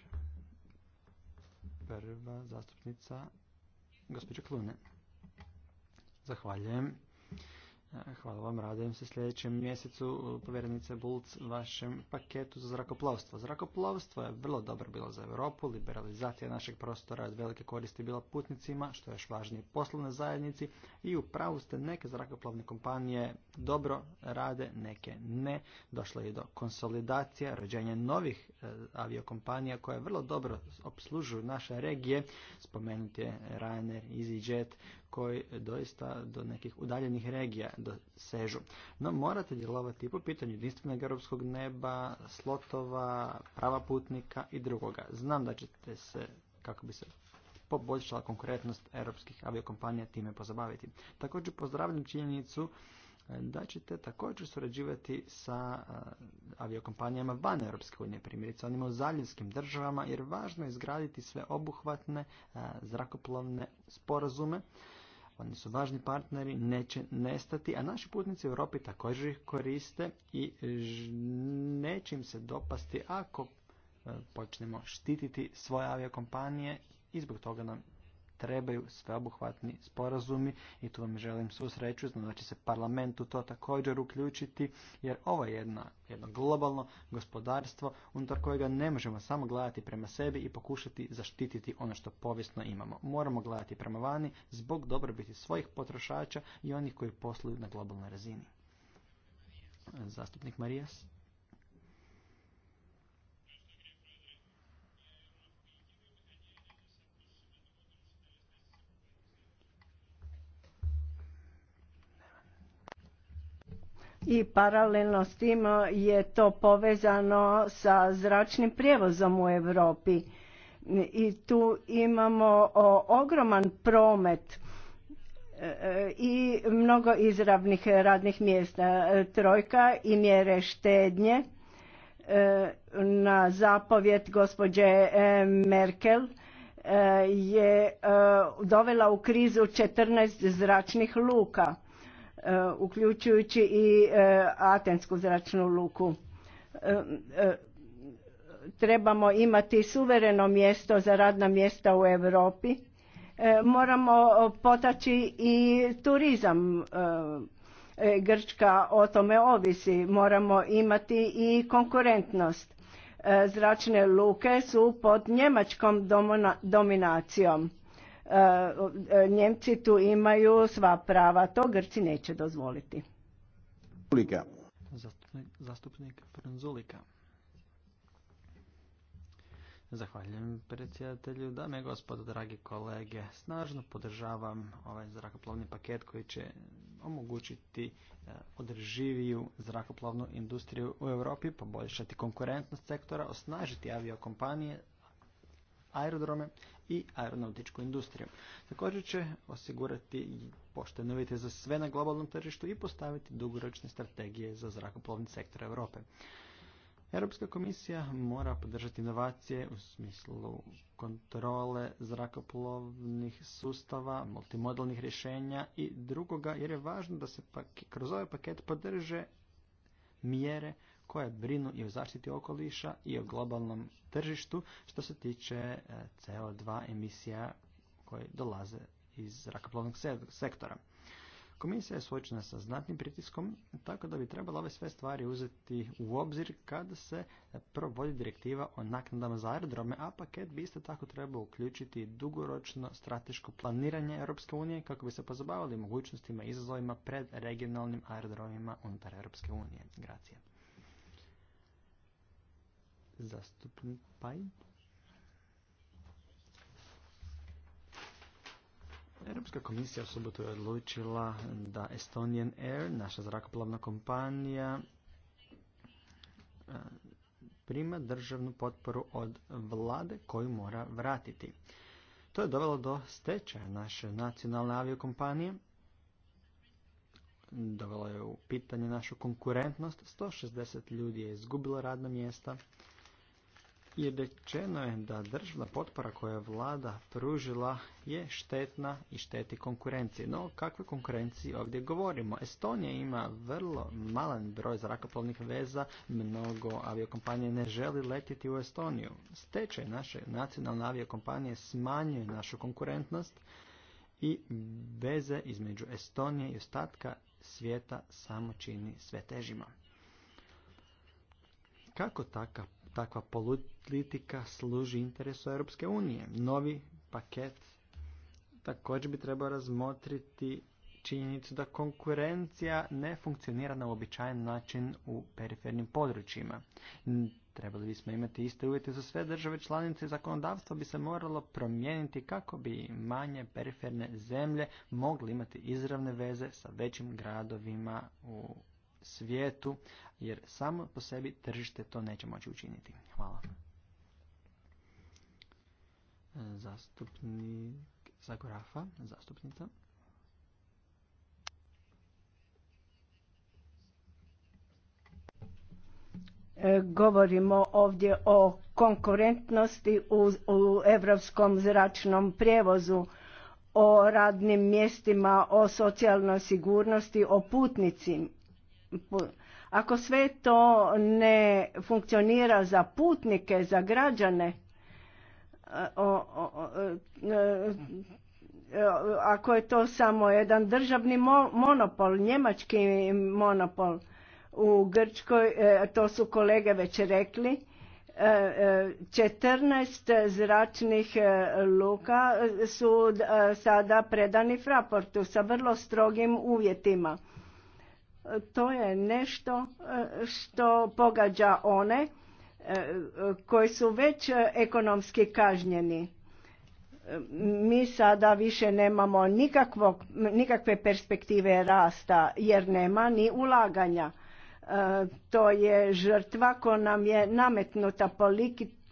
Prva zastupnica, gospođa Klune. Zahvaljujem. E, hvala vam, radujem se sljedećem mjesecu, e, povjerenice Bulc, vašem paketu za zrakoplovstvo. Zrakoplovstvo je vrlo dobro bilo za Europu, liberalizacija našeg prostora od velike koristi bila putnicima, što je još važnije poslovne zajednici i u pravu ste neke zrakoplovne kompanije dobro rade, neke ne. Došlo je do konsolidacije, rođenja novih e, aviokompanija koje vrlo dobro obslužuju naše regije, spomenut je Ryanair, EasyJet, koji doista do nekih udaljenih regija dosežu. No morate djelovati i po pitanju jedinstvenog europskog neba, slotova, prava putnika i drugoga. Znam da ćete se, kako bi se poboljšala konkurentnost europskih aviokompanija time pozabaviti. Također pozdravljam činjenicu e, da ćete također surađivati sa e, aviokompanijama van Europske unije, primjerice onima u zaljevskim državama, jer važno je izgraditi sve obuhvatne e, zrakoplovne sporazume oni su važni partneri, neće nestati, a naši putnici u Europi također ih koriste i neće im se dopasti ako e, počnemo štititi svoje aviokompanije i zbog toga nam trebaju sveobuhvatni sporazumi i tu vam želim svu sreću, znam da će se Parlamentu to također uključiti jer ovo je jedna, jedno globalno gospodarstvo unutar kojega ne možemo samo gledati prema sebi i pokušati zaštititi ono što povijesno imamo. Moramo gledati prema vani zbog dobrobiti svojih potrošača i onih koji posluju na globalnoj razini. Zastupnik Marijas. i paralelno s tim e, je to povezano sa zračnim prijevozom u Europi i tu imamo ogroman promet e, e, i mnogo izravnih radnih mjesta. Trojka i mjere štednje na zapovjet gospođe Merkel je dovela u krizu 14 zračnih luka E, uključujući i e, Atensku zračnu luku. E, trebamo imati suvereno mjesto za radna mjesta u Europi. Moramo potaći i turizam. Grčka o tome ovisi. Moramo imati i konkurentnost. Zračne luke su pod njemačkom dominacijom E, Njemci tu imaju sva prava, to Grci neće dozvoliti. Zastupnik, zastupnik Zahvaljujem predsjedatelju. Dame i gospodo, dragi kolege, snažno podržavam ovaj zrakoplovni paket koji će omogućiti e, održiviju zrakoplovnu industriju u Europi, poboljšati konkurentnost sektora, osnažiti aviokompanije, aerodrome i aeronautičku industriju. Također će osigurati poštene uvjete za sve na globalnom tržištu i postaviti dugoročne strategije za zrakoplovni sektor Europe. Europska komisija mora podržati inovacije u smislu kontrole zrakoplovnih sustava, multimodalnih rješenja i drugoga, jer je važno da se pak, kroz ovaj paket podrže mjere koje brinu i o zaštiti okoliša i o globalnom tržištu što se tiče e, CO2 emisija koje dolaze iz zrakoplovnog sektora. Komisija je suočena sa znatnim pritiskom, tako da bi trebala ove sve stvari uzeti u obzir kada se provodi direktiva o naknadama za aerodrome, a paket bi isto tako trebao uključiti dugoročno strateško planiranje Europske unije kako bi se pozabavili mogućnostima i izazovima pred regionalnim aerodromima unutar Europske unije. Zastupnik Pajn. Europska komisija u subotu je odlučila da Estonian Air, naša zrakoplovna kompanija, e, prima državnu potporu od vlade koju mora vratiti. To je dovelo do stečaja naše nacionalne aviokompanije, dovelo je u pitanje našu konkurentnost, 160 ljudi je izgubilo radna mjesta, i rečeno je da državna potpora koju je vlada pružila je štetna i šteti konkurenciji. No, kakve konkurenciji ovdje govorimo? Estonija ima vrlo malen broj zrakoplovnih veza, mnogo aviokompanije ne želi letjeti u Estoniju. Stečaj naše nacionalne aviokompanije smanjuje našu konkurentnost i veze između Estonije i ostatka svijeta samo čini sve težima kako takav takva politika služi interesu Europske unije. Novi paket također bi trebao razmotriti činjenicu da konkurencija ne funkcionira na uobičajen način u perifernim područjima. Trebali bismo imati iste uvjete za sve države članice i zakonodavstvo bi se moralo promijeniti kako bi manje periferne zemlje mogli imati izravne veze sa većim gradovima u svijetu, jer samo po sebi tržište to neće moći učiniti. Hvala. E, zastupnik Zagorafa, zastupnica. E, govorimo ovdje o konkurentnosti u, u evropskom zračnom prijevozu o radnim mjestima, o socijalnoj sigurnosti, o putnicima. Ako sve to ne funkcionira za putnike, za građane, eh, eh, eh, ako je to samo jedan državni monopol, njemački monopol u Grčkoj, to su kolege već rekli, 14 zračnih luka su sada predani Fraportu sa vrlo strogim uvjetima. To je nešto e, što pogađa one e, koji su već ekonomski kažnjeni. E, mi sada više nemamo nikakvog, nikakve perspektive rasta jer nema ni ulaganja. To je žrtva koja nam je nametnuta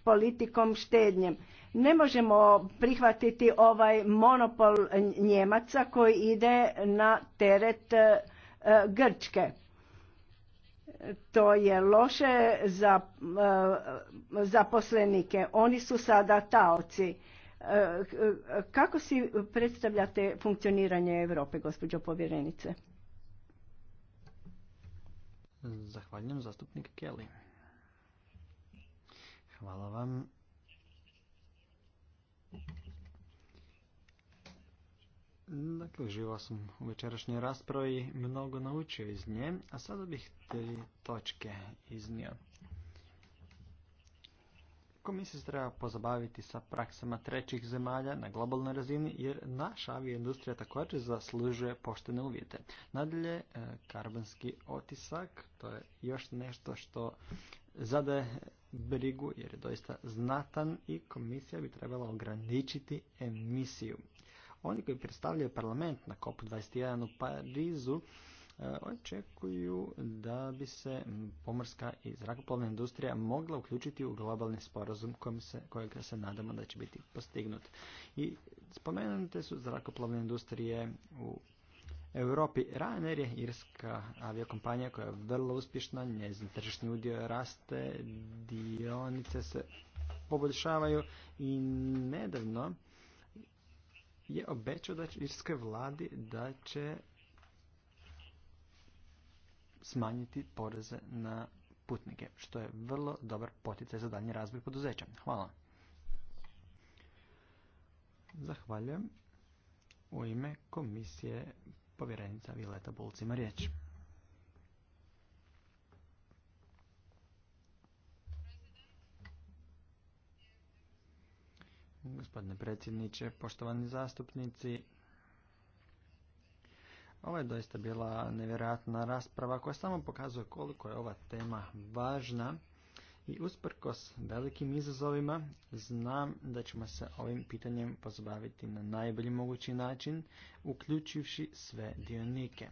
politikom štednjem. Ne možemo prihvatiti ovaj monopol Njemaca koji ide na teret E, Grčke. To je loše za e, zaposlenike. Oni su sada taoci. E, kako si predstavljate funkcioniranje Europe, gospođo povjerenice? Zahvaljujem zastupnik Kelly. Hvala vam. Dakle, živo sam u večerašnjoj raspravi, mnogo naučio iz nje, a sada bih tri točke iznio. Komisija se treba pozabaviti sa praksama trećih zemalja na globalnoj razini, jer naša industrija također zaslužuje poštene uvjete. Nadalje, e, karbonski otisak, to je još nešto što zade brigu, jer je doista znatan i komisija bi trebala ograničiti emisiju oni koji predstavljaju parlament na COP21 u Parizu e, očekuju da bi se pomorska i zrakoplovna industrija mogla uključiti u globalni sporazum kojeg se, kojeg se nadamo da će biti postignut. I spomenute su zrakoplovne industrije u Europi. Ryanair je irska aviokompanija koja je vrlo uspješna, njezin tržišni udio raste, dionice se poboljšavaju i nedavno je obećao da će irske vladi da će smanjiti poreze na putnike, što je vrlo dobar poticaj za daljnji razvoj poduzeća. Hvala. Zahvaljujem. U ime komisije povjerenica Vileta Bulcima riječ. Gospodine predsjedniče, poštovani zastupnici, ovo je doista bila nevjerojatna rasprava koja samo pokazuje koliko je ova tema važna i usprkos velikim izazovima znam da ćemo se ovim pitanjem pozbaviti na najbolji mogući način, uključivši sve dionike.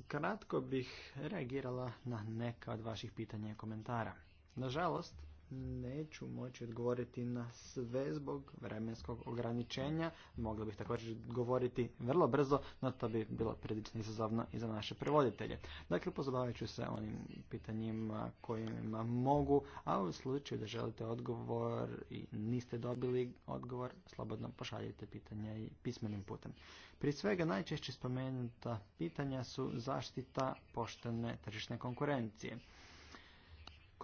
Ukratko bih reagirala na neka od vaših pitanja i komentara. Nažalost, neću moći odgovoriti na sve zbog vremenskog ograničenja. Mogla bih također govoriti vrlo brzo, no to bi bilo prilično izazovno i za naše prevoditelje. Dakle, pozabavit ću se onim pitanjima kojima mogu, a u slučaju da želite odgovor i niste dobili odgovor, slobodno pošaljite pitanja i pismenim putem. Prije svega najčešće spomenuta pitanja su zaštita poštene tržišne konkurencije.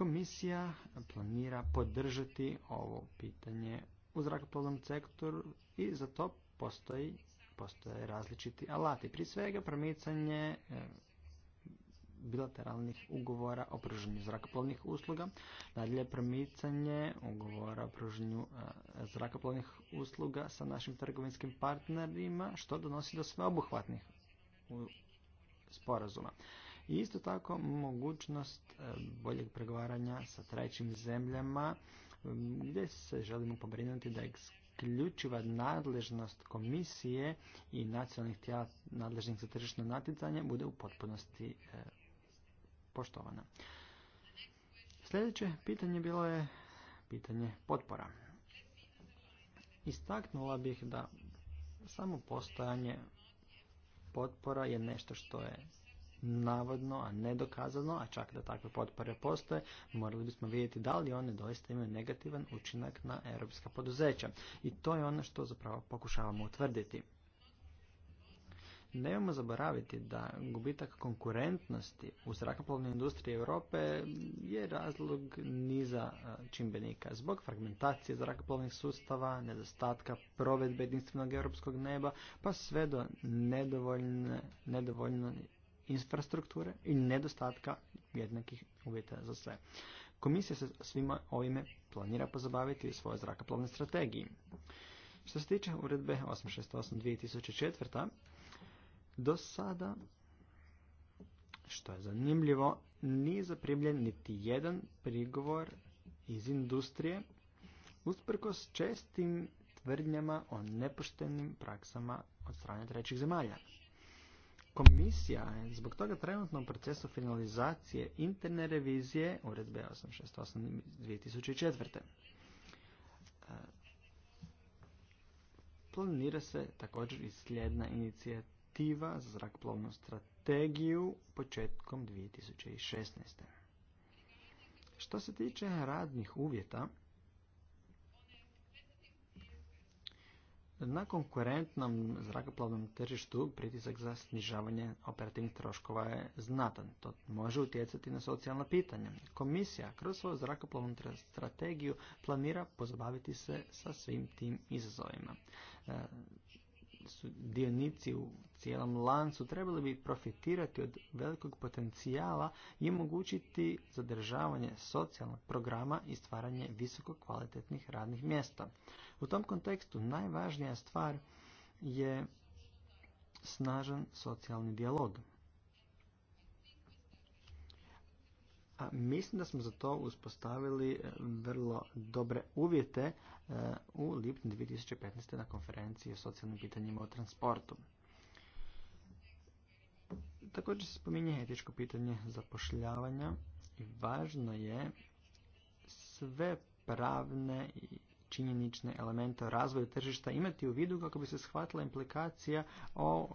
Komisija planira podržati ovo pitanje u zrakoplovnom sektoru i za to postoji, postoje različiti alati. Prije svega promicanje e, bilateralnih ugovora o pružanju zrakoplovnih usluga, nadalje promicanje ugovora o pružanju e, zrakoplovnih usluga sa našim trgovinskim partnerima, što donosi do sveobuhvatnih sporazuma. I isto tako mogućnost e, boljeg pregovaranja sa trećim zemljama e, gdje se želimo pobrinuti da isključiva nadležnost komisije i nacionalnih tijela nadležnih za tržišno natjecanje bude u potpunosti e, poštovana. Sljedeće pitanje bilo je pitanje potpora. Istaknula bih da samo postojanje potpora je nešto što je navodno, a ne dokazano, a čak da takve potpore postoje, morali bismo vidjeti da li one doista imaju negativan učinak na europska poduzeća. I to je ono što zapravo pokušavamo utvrditi. Nemojmo zaboraviti da gubitak konkurentnosti u zrakoplovnoj industriji Europe je razlog niza e, čimbenika. Zbog fragmentacije zrakoplovnih sustava, nedostatka provedbe jedinstvenog europskog neba, pa sve do nedovoljne, nedovoljno infrastrukture i nedostatka jednakih uvjeta za sve. Komisija se svima ovime planira pozabaviti u svojoj zrakoplovnoj strategiji. Što se tiče uredbe 868-2004, do sada, što je zanimljivo, nije zaprimljen niti jedan prigovor iz industrije, usprkos čestim tvrdnjama o nepoštenim praksama od strane trećih zemalja. Komisija je zbog toga trenutno u procesu finalizacije interne revizije uredbe 868 2004. E, planira se također i slijedna inicijativa za zrakoplovnu strategiju početkom 2016. Što se tiče radnih uvjeta, Na konkurentnom zrakoplovnom tržištu pritisak za snižavanje operativnih troškova je znatan. To može utjecati na socijalna pitanja. Komisija kroz svoju zrakoplovnu strategiju planira pozabaviti se sa svim tim izazovima. E, dionici u cijelom lancu trebali bi profitirati od velikog potencijala i omogućiti zadržavanje socijalnog programa i stvaranje visoko kvalitetnih radnih mjesta. U tom kontekstu najvažnija stvar je snažan socijalni dijalog. A mislim da smo za to uspostavili e, vrlo dobre uvjete e, u lipnju 2015. na konferenciji o socijalnim pitanjima o transportu. Također se spominje etičko pitanje zapošljavanja i važno je sve pravne i činjenične elemente o razvoju tržišta imati u vidu kako bi se shvatila implikacija o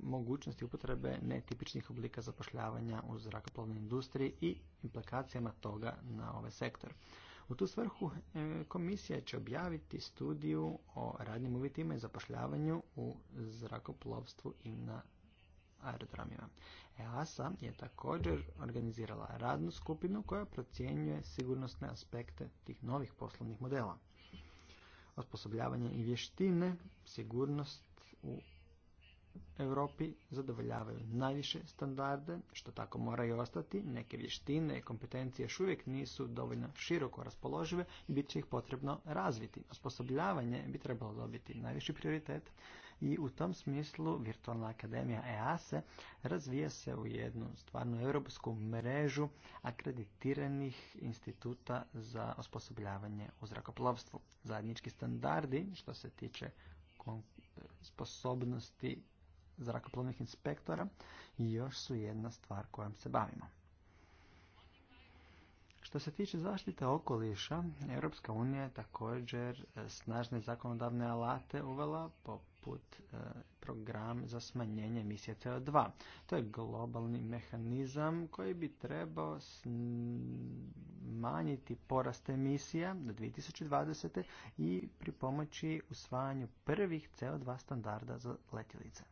mogućnosti upotrebe netipičnih oblika zapošljavanja u zrakoplovnoj industriji i implikacijama toga na ovaj sektor. U tu svrhu e, komisija će objaviti studiju o radnim uvjetima i zapošljavanju u zrakoplovstvu i na aerodromima. EASA je također organizirala radnu skupinu koja procjenjuje sigurnosne aspekte tih novih poslovnih modela. Osposobljavanje i vještine, sigurnost u Europi zadovoljavaju najviše standarde, što tako mora i ostati, neke vještine i kompetencije još uvijek nisu dovoljno široko raspoložive i bit će ih potrebno razviti. Osposobljavanje bi trebalo dobiti najviši prioritet, i u tom smislu Virtualna akademija EASE e razvija se u jednu stvarnu europsku mrežu akreditiranih instituta za osposobljavanje u zrakoplovstvu. Zajednički standardi što se tiče sposobnosti zrakoplovnih inspektora i još su jedna stvar kojom se bavimo. Što se tiče zaštite okoliša, Europska unija je također e, snažne zakonodavne alate uvela po put e, program za smanjenje emisije CO2. To je globalni mehanizam koji bi trebao smanjiti porast emisija do 2020. i pripomoći usvajanju prvih CO2 standarda za letjelice.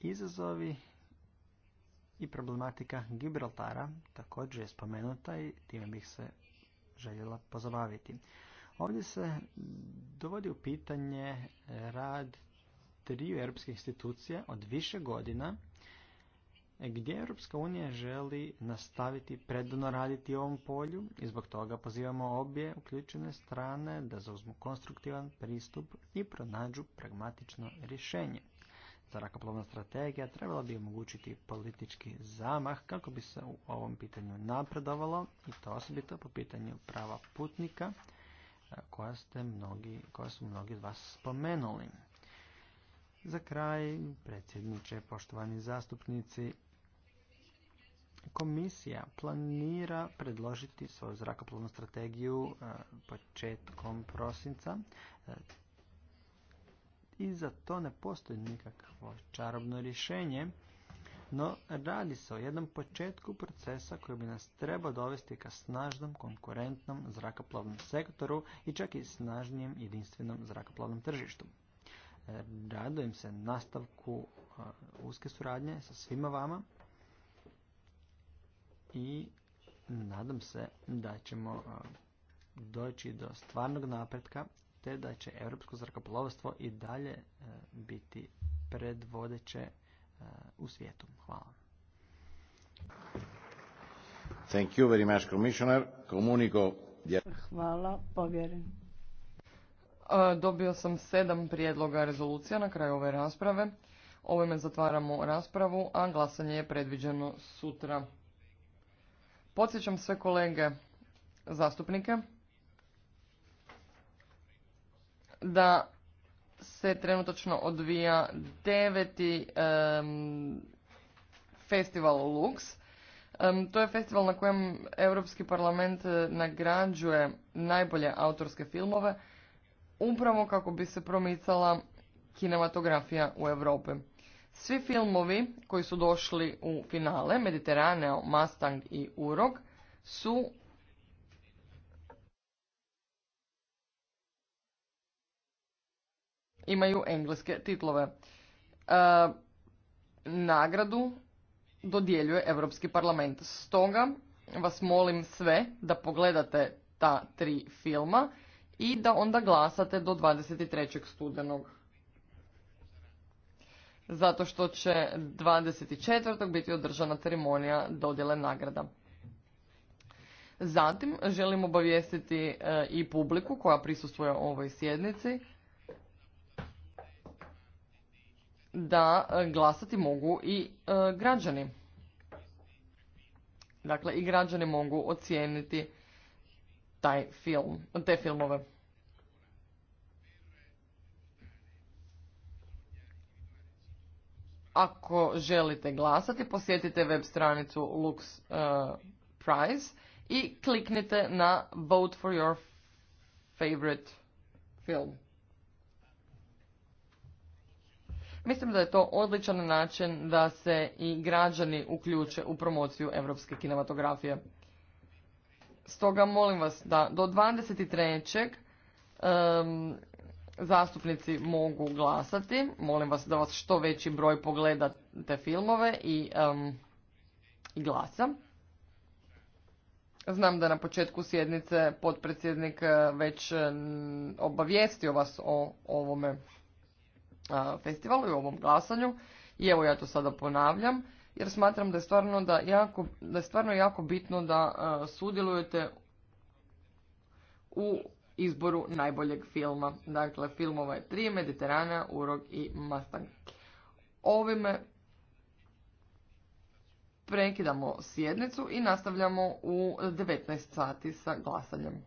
Izazovi i problematika Gibraltara također je spomenuta i time bih se željela pozabaviti. Ovdje se dovodi u pitanje rad triju europskih institucija od više godina gdje Europska unija želi nastaviti predano raditi u ovom polju i zbog toga pozivamo obje uključene strane da zauzmu konstruktivan pristup i pronađu pragmatično rješenje. Zrakoplovna strategija trebala bi omogućiti politički zamah kako bi se u ovom pitanju napredovalo i to osobito po pitanju prava putnika koja, mnogi, koja su mnogi od vas spomenuli. Za kraj, predsjedniče, poštovani zastupnici, komisija planira predložiti svoju zrakoplovnu strategiju e, početkom prosinca e, i za to ne postoji nikakvo čarobno rješenje no, radi se o jednom početku procesa koji bi nas trebao dovesti ka snažnom, konkurentnom zrakoplovnom sektoru i čak i snažnijem jedinstvenom zrakoplovnom tržištu. Radujem se nastavku uh, uske suradnje sa svima vama i nadam se da ćemo uh, doći do stvarnog napretka te da će europsko zrakoplovstvo i dalje uh, biti predvodeće u svijetu. Hvala. Thank you very much, Commissioner. Hvala, Dobio sam sedam prijedloga rezolucija na kraju ove rasprave. Ovime zatvaramo raspravu, a glasanje je predviđeno sutra. Podsjećam sve kolege zastupnike da se trenutačno odvija deveti um, festival Lux. to je festival na kojem Europski parlament e, nagrađuje najbolje autorske filmove upravo kako bi se promicala kinematografija u Europi. Svi filmovi koji su došli u finale Mediterraneo, Mustang i Urok su imaju engleske titlove. E, nagradu dodjeljuje Europski parlament. Stoga vas molim sve da pogledate ta tri filma i da onda glasate do 23. studenog. Zato što će 24. biti održana ceremonija dodjele nagrada. Zatim želim obavijestiti e, i publiku koja prisustuje ovoj sjednici da e, glasati mogu i e, građani. Dakle, i građani mogu ocijeniti taj film, te filmove. Ako želite glasati, posjetite web stranicu Lux e, Prize i kliknite na Vote for your favorite film. Mislim da je to odličan način da se i građani uključe u promociju europske kinematografije. Stoga molim vas da do 23. Um, zastupnici mogu glasati. Molim vas da vas što veći broj pogleda te filmove i, glasa. Znam da na početku sjednice potpredsjednik eh, već obavijestio vas o ovome festivalu i ovom glasanju. I evo ja to sada ponavljam, jer smatram da je stvarno, da jako, da je stvarno jako bitno da sudjelujete u izboru najboljeg filma. Dakle, filmova je tri, Mediterana, Urog i Mustang. Ovime prekidamo sjednicu i nastavljamo u 19 sati sa glasanjem.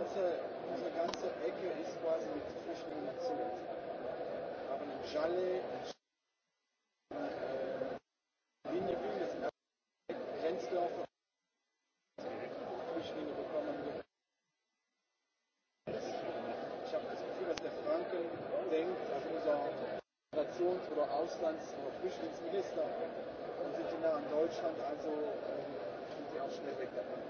ganze, diese ganze Ecke ist quasi mit Flüchtlingen erzählt. Wir haben in Jalle, e, in Ligneville, das sind alle Grenzdörfer, Flüchtlinge bekommen. Ich habe das Gefühl, dass der Franken denkt, also unser Migrations- oder Auslands- oder Flüchtlingsminister, und sind die nah an Deutschland, also äh, sind sie auch schnell weg davon.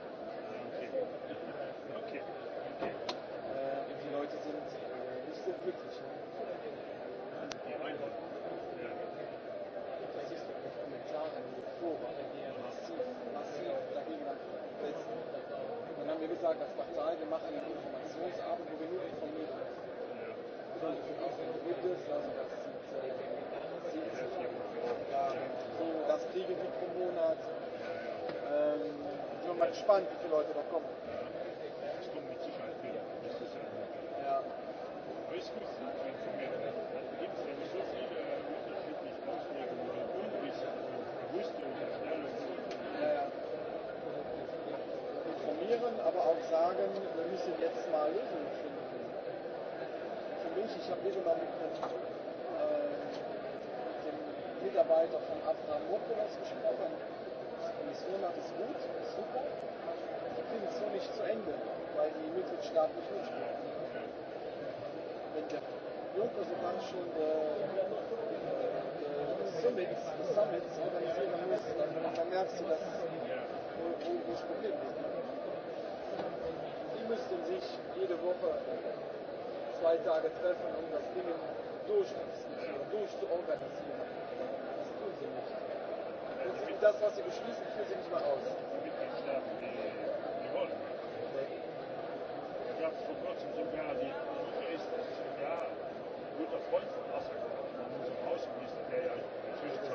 nebenbei wir machen eine Informationsarbeit, wo wir nur informieren. das so das kriegen die pro Monat. Ähm, ich bin mal gespannt, wie viele Leute da kommen. auch sagen, wir müssen jetzt mal Lösungen finden. Für mich, ich habe eh wieder mal mit dem, äh, dem Mitarbeiter von Abramopoulos gesprochen. Die Kommission hat es gut, ist super. Sie kriegen es so nicht zu Ende, weil die Mitgliedstaaten nicht mitspielen. Wenn der Juncker sogar schon äh, äh, Summits, Summits organisieren muss, dann, dann merkst du, dass wo, wo das Problem ist müssten sich jede Woche zwei Tage treffen, um das Ding durchzudiskutieren, durchzuorganisieren. Das tun sie nicht. ist das, was sie beschließen, führen sie nicht mal aus. Ich habe vor die ja, guter Freund von ja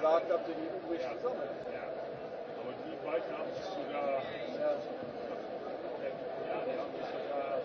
Ja, aber die beiden haben sich sogar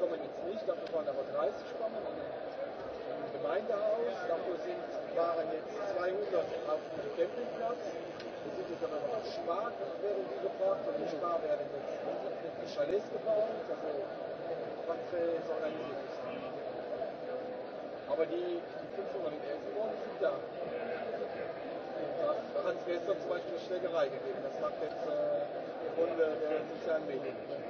kommen jetzt nicht, dafür waren aber 30 kommen im Gemeindehaus, dafür sind, waren jetzt 200 auf dem Campingplatz, wir sind jetzt aber auf Spar, werden die gebracht und die Spar werden jetzt Chalets gebaut, also was organisiert ist. Aber die 500 in sind da. Da hat es gestern zum Beispiel eine Schlägerei gegeben. Das macht jetzt äh, die Runde der sozialen Medien.